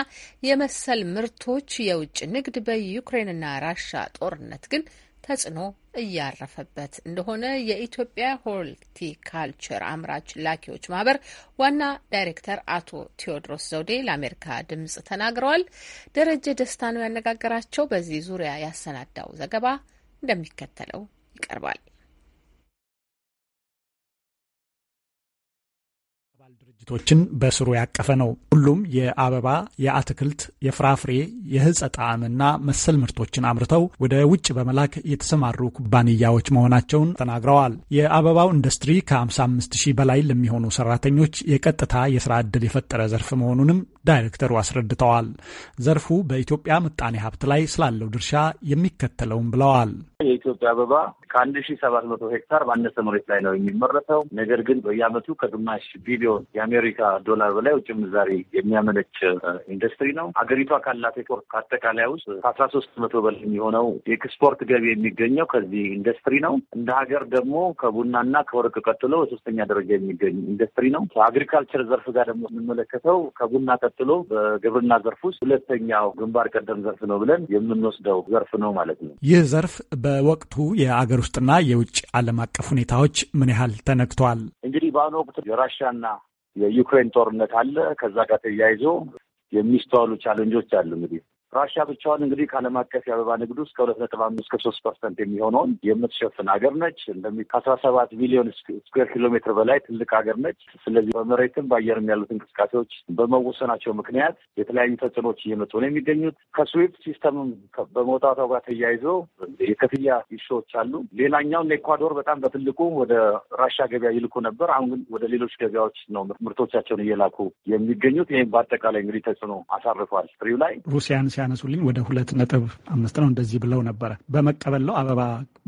የመሰል ምርቶች የውጭ ንግድ በዩክሬንና ራሻ ጦርነት ግን ተጽዕኖ እያረፈበት እንደሆነ የኢትዮጵያ ሆርቲካልቸር አምራች ላኪዎች ማህበር ዋና ዳይሬክተር አቶ ቴዎድሮስ ዘውዴ ለአሜሪካ ድምጽ ተናግረዋል። ደረጀ ደስታ ነው ያነጋገራቸው። በዚህ ዙሪያ ያሰናዳው ዘገባ እንደሚከተለው ይቀርባል። ድርጅቶችን በስሩ ያቀፈ ነው። ሁሉም የአበባ፣ የአትክልት፣ የፍራፍሬ፣ የህጸ ጣዕምና መሰል ምርቶችን አምርተው ወደ ውጭ በመላክ የተሰማሩ ኩባንያዎች መሆናቸውን ተናግረዋል። የአበባው ኢንዱስትሪ ከ55 ሺህ በላይ ለሚሆኑ ሰራተኞች የቀጥታ የስራ ዕድል የፈጠረ ዘርፍ መሆኑንም ዳይሬክተሩ አስረድተዋል። ዘርፉ በኢትዮጵያ ምጣኔ ሀብት ላይ ስላለው ድርሻ የሚከተለውም ብለዋል። የኢትዮጵያ አበባ ከአንድ ሺ ሰባት መቶ ሄክታር ባነሰ መሬት ላይ ነው የሚመረተው። ነገር ግን በየአመቱ ከግማሽ ቢሊዮን የአሜሪካ ዶላር በላይ ውጭ ምንዛሪ የሚያመነጭ ኢንዱስትሪ ነው። አገሪቷ ካላት ኤክስፖርት ከአጠቃላይ ውስጥ ከአስራ ሶስት መቶ በላይ የሚሆነው የኤክስፖርት ገቢ የሚገኘው ከዚህ ኢንዱስትሪ ነው። እንደ ሀገር ደግሞ ከቡናና ከወርቅ ቀጥሎ በሶስተኛ ደረጃ የሚገኝ ኢንዱስትሪ ነው። ከአግሪካልቸር ዘርፍ ጋር ደግሞ የምንመለከተው ከቡና ቀጥሎ በግብርና ዘርፍ ውስጥ ሁለተኛው ግንባር ቀደም ዘርፍ ነው ብለን የምንወስደው ዘርፍ ነው ማለት ነው። ይህ ዘርፍ በ በወቅቱ የአገር ውስጥና የውጭ ዓለም አቀፍ ሁኔታዎች ምን ያህል ተነክተዋል? እንግዲህ በአሁኑ ወቅት የራሽያና የዩክሬን ጦርነት አለ። ከዛ ጋር ተያይዞ የሚስተዋሉ ቻለንጆች አሉ። እንግዲህ ራሽያ ብቻዋን እንግዲህ ከዓለም አቀፍ የአበባ ንግድ ውስጥ ከሁለት ነጥብ አምስት እስከ ሶስት ፐርሰንት የሚሆነውን የምትሸፍን ሀገር ነች። እንደሚ ከአስራ ሰባት ሚሊዮን ስኩዌር ኪሎ ሜትር በላይ ትልቅ ሀገር ነች። ስለዚህ በመሬትም በአየርም ያሉት እንቅስቃሴዎች በመወሰናቸው ምክንያት የተለያዩ ተጽዕኖች እየመጡ ነው የሚገኙት። ከስዊፍት ሲስተምም በመውጣቷ ጋር ተያይዞ የክፍያ ይሾዎች አሉ። ሌላኛውን ኤኳዶር በጣም በትልቁ ወደ ራሻ ገበያ ይልኩ ነበር። አሁን ግን ወደ ሌሎች ገበያዎች ነው ምርቶቻቸውን እየላኩ የሚገኙት። ይህም በአጠቃላይ እንግዲህ ተጽዕኖ አሳርፏል ፍሪው ላይ ሩሲያን ሲያነሱልኝ ወደ ሁለት ነጥብ አምስት ነው እንደዚህ ብለው ነበረ። በመቀበል ነው አበባ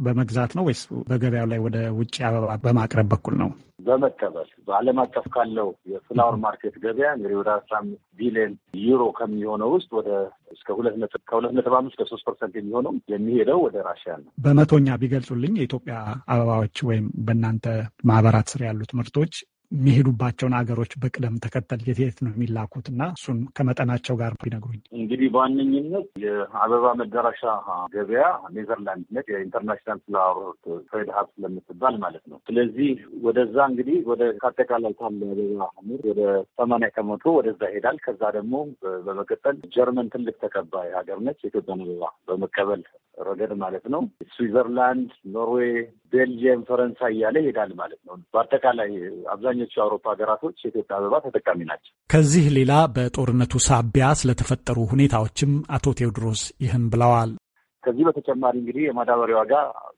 በመግዛት ነው ወይስ በገበያው ላይ ወደ ውጭ አበባ በማቅረብ በኩል ነው? በመቀበል በዓለም አቀፍ ካለው የፍላወር ማርኬት ገበያ እንግዲህ ወደ አስራ አምስት ቢሊዮን ዩሮ ከሚሆነው ውስጥ ወደ እስከ ሁለት ነጥብ ከሁለት ነጥብ አምስት ከሶስት ፐርሰንት የሚሆነው የሚሄደው ወደ ራሽያ ነው። በመቶኛ ቢገልጹልኝ የኢትዮጵያ አበባዎች ወይም በእናንተ ማህበራት ስር ያሉት ምርቶች የሚሄዱባቸውን ሀገሮች በቅደም ተከተል የት ነው የሚላኩት እና እሱን ከመጠናቸው ጋር ቢነግሩኝ። እንግዲህ በዋነኝነት የአበባ መዳረሻ ገበያ ኔዘርላንድ ነ የኢንተርናሽናል ፍላወር ትሬድ ሀብ ስለምትባል ማለት ነው። ስለዚህ ወደዛ እንግዲህ ወደ ካጠቃላይ ካለ አበባ ምርት ወደ ሰማንያ ከመቶ ወደዛ ይሄዳል። ከዛ ደግሞ በመቀጠል ጀርመን ትልቅ ተቀባይ ሀገር ነች። የኢትዮጵያን አበባ በመቀበል ረገድ ማለት ነው። ስዊዘርላንድ፣ ኖርዌይ፣ ቤልጅየም፣ ፈረንሳይ እያለ ይሄዳል ማለት ነው። በአጠቃላይ አብዛኞቹ የአውሮፓ ሀገራቶች የኢትዮጵያ አበባ ተጠቃሚ ናቸው። ከዚህ ሌላ በጦርነቱ ሳቢያ ስለተፈጠሩ ሁኔታዎችም አቶ ቴዎድሮስ ይህን ብለዋል። ከዚህ በተጨማሪ እንግዲህ የማዳበሪያ ዋጋ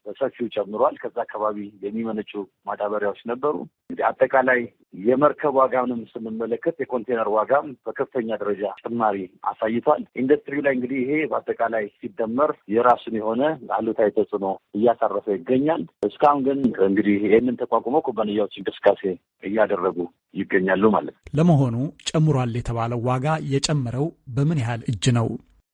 በሰፊው ጨምሯል። ከዛ አካባቢ የሚመነጩ ማዳበሪያዎች ነበሩ። እንግዲህ አጠቃላይ የመርከብ ዋጋንም ስንመለከት የኮንቴነር ዋጋም በከፍተኛ ደረጃ ጭማሪ አሳይቷል። ኢንዱስትሪው ላይ እንግዲህ ይሄ በአጠቃላይ ሲደመር የራሱን የሆነ አሉታዊ ተጽዕኖ እያሳረፈ ይገኛል። እስካሁን ግን እንግዲህ ይህንን ተቋቁሞ ኩባንያዎች እንቅስቃሴ እያደረጉ ይገኛሉ ማለት ነው። ለመሆኑ ጨምሯል የተባለው ዋጋ የጨመረው በምን ያህል እጅ ነው?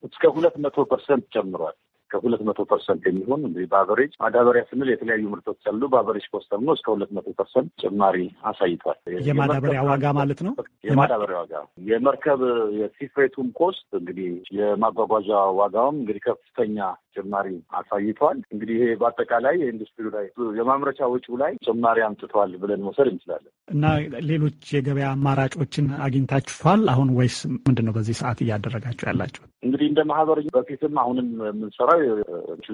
እስከ ሁለት መቶ ፐርሰንት ጨምሯል። ከሁለት መቶ ፐርሰንት የሚሆን እንግዲህ በአቨሬጅ ማዳበሪያ ስንል የተለያዩ ምርቶች አሉ። በአቨሬጅ ኮስተር ነው እስከ ሁለት መቶ ፐርሰንት ጭማሪ አሳይቷል። የማዳበሪያ ዋጋ ማለት ነው። የማዳበሪያ ዋጋ የመርከብ የሲፍሬቱም ኮስት እንግዲህ የማጓጓዣ ዋጋውም እንግዲህ ከፍተኛ ጭማሪ አሳይቷል። እንግዲህ ይሄ በአጠቃላይ የኢንዱስትሪው ላይ የማምረቻ ወጪው ላይ ጭማሪ አምጥቷል ብለን መውሰድ እንችላለን። እና ሌሎች የገበያ አማራጮችን አግኝታችኋል አሁን ወይስ ምንድን ነው በዚህ ሰዓት እያደረጋችሁ ያላችሁ? እንግዲህ እንደ ማህበር በፊትም አሁንም የምንሰራው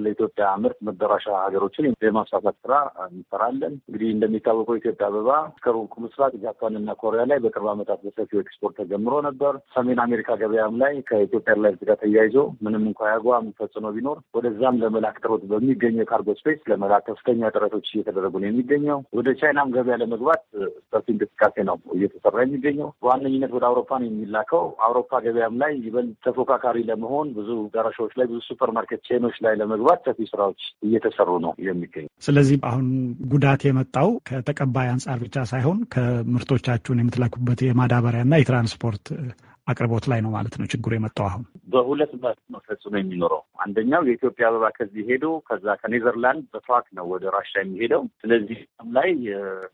ለኢትዮጵያ ምርት መዳረሻ ሀገሮችን የማስፋፋት ስራ እንሰራለን። እንግዲህ እንደሚታወቀው ኢትዮጵያ አበባ ከሩቅ ምስራቅ ጃፓንና ኮሪያ ላይ በቅርብ ዓመታት በሰፊው ኤክስፖርት ተጀምሮ ነበር። ሰሜን አሜሪካ ገበያም ላይ ከኢትዮጵያ ኤርላይንስ ጋር ተያይዞ ምንም እንኳ ያጓ የሚፈጽመው ቢኖር ወደዛም ለመላክ ጥረት በሚገኘው የካርጎ ስፔስ ለመላክ ከፍተኛ ጥረቶች እየተደረጉ ነው የሚገኘው። ወደ ቻይናም ገበያ ለመግባት ሰፊ እንቅስቃሴ ነው እየተሰራ የሚገኘው። በዋነኝነት ወደ አውሮፓ ነው የሚላከው። አውሮፓ ገበያም ላይ ይበልጥ ተፎካካሪ ለመሆን ብዙ ጋራሻዎች ላይ ብዙ ሱፐርማርኬት ቼኖች ላይ ለመግባት ሰፊ ስራዎች እየተሰሩ ነው የሚገኙ። ስለዚህ አሁን ጉዳት የመጣው ከተቀባይ አንጻር ብቻ ሳይሆን ከምርቶቻችሁን የማዳበሪያ የማዳበሪያና የትራንስፖርት አቅርቦት ላይ ነው ማለት ነው ችግሩ የመጣው አሁን በሁለት መልክ ነው ተጽዕኖ የሚኖረው። አንደኛው የኢትዮጵያ አበባ ከዚህ ሄዶ ከዛ ከኔዘርላንድ በትራክ ነው ወደ ራሻ የሚሄደው። ስለዚህ ላይ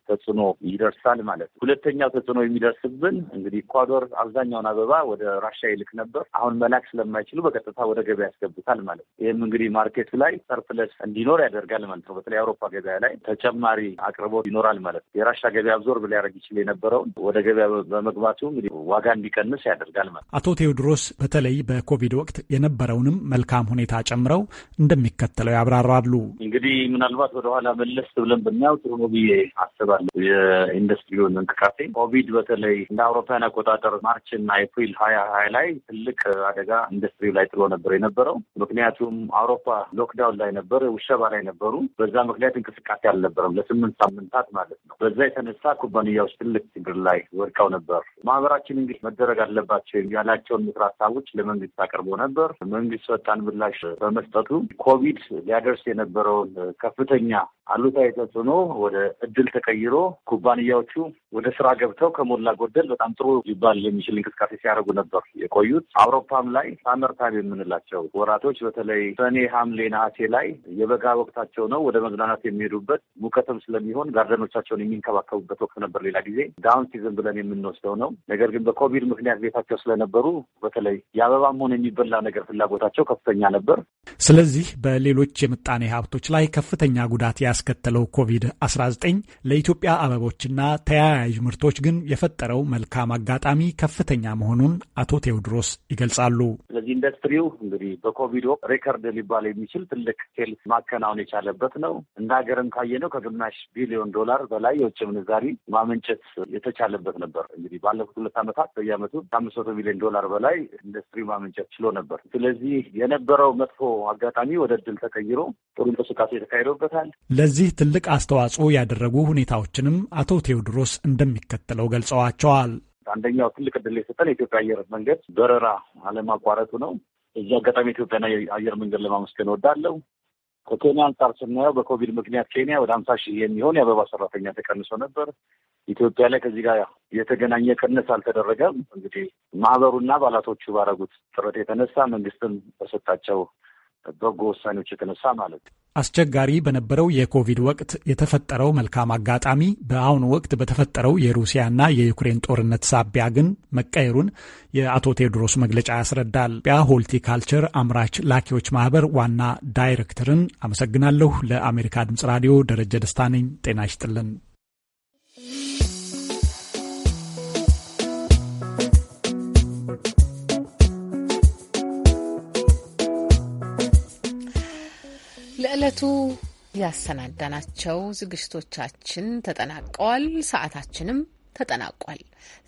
ተጽዕኖ ይደርሳል ማለት ነው። ሁለተኛው ተጽዕኖ የሚደርስብን እንግዲህ ኢኳዶር አብዛኛውን አበባ ወደ ራሻ ይልክ ነበር። አሁን መላክ ስለማይችሉ በቀጥታ ወደ ገበያ ያስገቡታል ማለት ነው። ይህም እንግዲህ ማርኬቱ ላይ ሰርፕለስ እንዲኖር ያደርጋል ማለት ነው። በተለይ አውሮፓ ገበያ ላይ ተጨማሪ አቅርቦት ይኖራል ማለት ነው። የራሻ ገበያ ብላ ያደረግ ይችል የነበረውን ወደ ገበያ በመግባቱ እንግዲህ ዋጋ እንዲቀንስ ያ ያደርጋል ማለት አቶ ቴዎድሮስ በተለይ በኮቪድ ወቅት የነበረውንም መልካም ሁኔታ ጨምረው እንደሚከተለው ያብራራሉ። እንግዲህ ምናልባት ወደኋላ መለስ ብለን ብናየው ጥሩ ነው ብዬ አስባለሁ። የኢንዱስትሪውን እንቅስቃሴ ኮቪድ በተለይ እንደ አውሮፓያን አቆጣጠር ማርች እና ኤፕሪል ሀያ ሀያ ላይ ትልቅ አደጋ ኢንዱስትሪው ላይ ጥሎ ነበር የነበረው። ምክንያቱም አውሮፓ ሎክዳውን ላይ ነበር፣ ውሸባ ላይ ነበሩ። በዛ ምክንያት እንቅስቃሴ አልነበረም ለስምንት ሳምንታት ማለት ነው። በዛ የተነሳ ኩባንያዎች ትልቅ ችግር ላይ ወድቀው ነበር። ማህበራችን እንግዲህ መደረግ አለበት አለባቸው ያላቸውን ምክር ሀሳቦች ለመንግስት አቅርቦ ነበር። መንግስት ፈጣን ምላሽ በመስጠቱ ኮቪድ ሊያደርስ የነበረውን ከፍተኛ አሉታዊ ተጽዕኖ ወደ እድል ተቀይሮ ኩባንያዎቹ ወደ ስራ ገብተው ከሞላ ጎደል በጣም ጥሩ ሊባል የሚችል እንቅስቃሴ ሲያደርጉ ነበር የቆዩት። አውሮፓም ላይ ሳመር የምንላቸው ወራቶች በተለይ ሰኔ፣ ሐምሌ፣ ነሐሴ ላይ የበጋ ወቅታቸው ነው። ወደ መዝናናት የሚሄዱበት ሙቀትም ስለሚሆን ጋርደኖቻቸውን የሚንከባከቡበት ወቅት ነበር። ሌላ ጊዜ ዳውን ሲዝን ብለን የምንወስደው ነው። ነገር ግን በኮቪድ ምክንያት ቤታ የራሳቸው ስለነበሩ በተለይ የአበባም ሆነ የሚበላ ነገር ፍላጎታቸው ከፍተኛ ነበር። ስለዚህ በሌሎች የምጣኔ ሀብቶች ላይ ከፍተኛ ጉዳት ያስከተለው ኮቪድ-19 ለኢትዮጵያ አበቦችና ተያያዥ ምርቶች ግን የፈጠረው መልካም አጋጣሚ ከፍተኛ መሆኑን አቶ ቴዎድሮስ ይገልጻሉ። ስለዚህ ኢንዱስትሪው እንግዲህ በኮቪድ ወቅት ሬከርድ ሊባል የሚችል ትልቅ ሴል ማከናወን የቻለበት ነው። እንደ ሀገርም ካየነው ከግማሽ ቢሊዮን ዶላር በላይ የውጭ ምንዛሪ ማመንጨት የተቻለበት ነበር። እንግዲህ ባለፉት ሁለት ዓመታት በየዓመቱ ከአምስት መቶ ሚሊዮን ዶላር በላይ ኢንዱስትሪ ማመንጨት ችሎ ነበር። ስለዚህ የነበረው መጥፎ አጋጣሚ ወደ ድል ተቀይሮ ጥሩ እንቅስቃሴ ተካሂዶበታል። ለዚህ ትልቅ አስተዋጽኦ ያደረጉ ሁኔታዎችንም አቶ ቴዎድሮስ እንደሚከተለው ገልጸዋቸዋል። አንደኛው ትልቅ እድል የሰጠን የኢትዮጵያ አየር መንገድ በረራ አለማቋረጡ ነው። እዚህ አጋጣሚ ኢትዮጵያና አየር መንገድ ለማመስገን ወዳለው ከኬንያ አንጻር ስናየው በኮቪድ ምክንያት ኬንያ ወደ አምሳ ሺህ የሚሆን የአበባ ሰራተኛ ተቀንሶ ነበር። ኢትዮጵያ ላይ ከዚህ ጋር የተገናኘ ቅነስ አልተደረገም። እንግዲህ ማህበሩና አባላቶቹ ባረጉት ጥረት የተነሳ መንግስትም በሰጣቸው በጎ ውሳኔዎች የተነሳ ማለት ነው። አስቸጋሪ በነበረው የኮቪድ ወቅት የተፈጠረው መልካም አጋጣሚ በአሁኑ ወቅት በተፈጠረው የሩሲያና የዩክሬን ጦርነት ሳቢያ ግን መቀየሩን የአቶ ቴዎድሮስ መግለጫ ያስረዳል። ያ ሆልቲካልቸር አምራች ላኪዎች ማህበር ዋና ዳይሬክተርን አመሰግናለሁ። ለአሜሪካ ድምጽ ራዲዮ ደረጀ ደስታ ነኝ። ጤና ይስጥልን። ለዕለቱ ያሰናዳናቸው ዝግጅቶቻችን ተጠናቀዋል። ሰዓታችንም ተጠናቋል።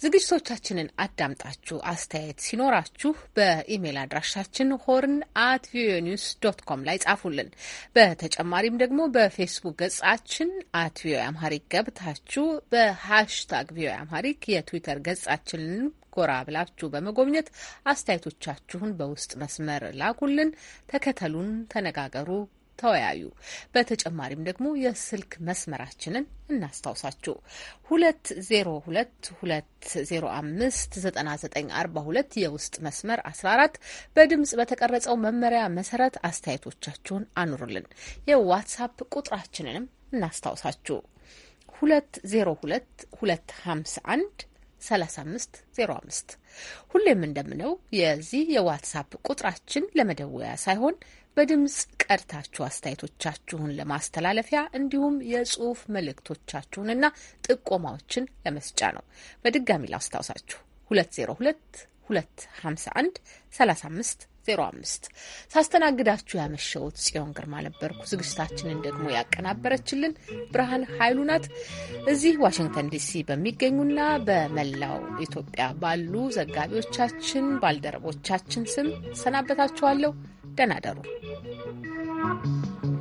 ዝግጅቶቻችንን አዳምጣችሁ አስተያየት ሲኖራችሁ በኢሜይል አድራሻችን ሆርን አት ቪኦኤ ኒውስ ዶት ኮም ላይ ጻፉልን። በተጨማሪም ደግሞ በፌስቡክ ገጻችን አት ቪኦኤ አምሃሪክ ገብታችሁ በሃሽታግ ቪኦኤ አምሃሪክ የትዊተር ገጻችንን ጎራ ብላችሁ በመጎብኘት አስተያየቶቻችሁን በውስጥ መስመር ላኩልን። ተከተሉን፣ ተነጋገሩ ተወያዩ። በተጨማሪም ደግሞ የስልክ መስመራችንን እናስታውሳችሁ። ሁለት ዜሮ ሁለት ሁለት ዜሮ አምስት ዘጠና ዘጠኝ አርባ ሁለት የውስጥ መስመር አስራ አራት በድምጽ በተቀረጸው መመሪያ መሰረት አስተያየቶቻችሁን አኑሩልን። የዋትሳፕ ቁጥራችንንም እናስታውሳችሁ ሁለት ዜሮ ሁለት ሁለት አንድ 3505 ሁሌም እንደምለው የዚህ የዋትሳፕ ቁጥራችን ለመደወያ ሳይሆን በድምፅ ቀድታችሁ አስተያየቶቻችሁን ለማስተላለፊያ እንዲሁም የጽሁፍ መልእክቶቻችሁንና ጥቆማዎችን ለመስጫ ነው። በድጋሚ ላስታውሳችሁ 202 251 35 05 ሳስተናግዳችሁ ያመሸውት ጽዮን ግርማ ነበርኩ። ዝግጅታችንን ደግሞ ያቀናበረችልን ብርሃን ኃይሉ ናት። እዚህ ዋሽንግተን ዲሲ በሚገኙና በመላው ኢትዮጵያ ባሉ ዘጋቢዎቻችን፣ ባልደረቦቻችን ስም ሰናበታችኋለሁ። ደህና ደሩ።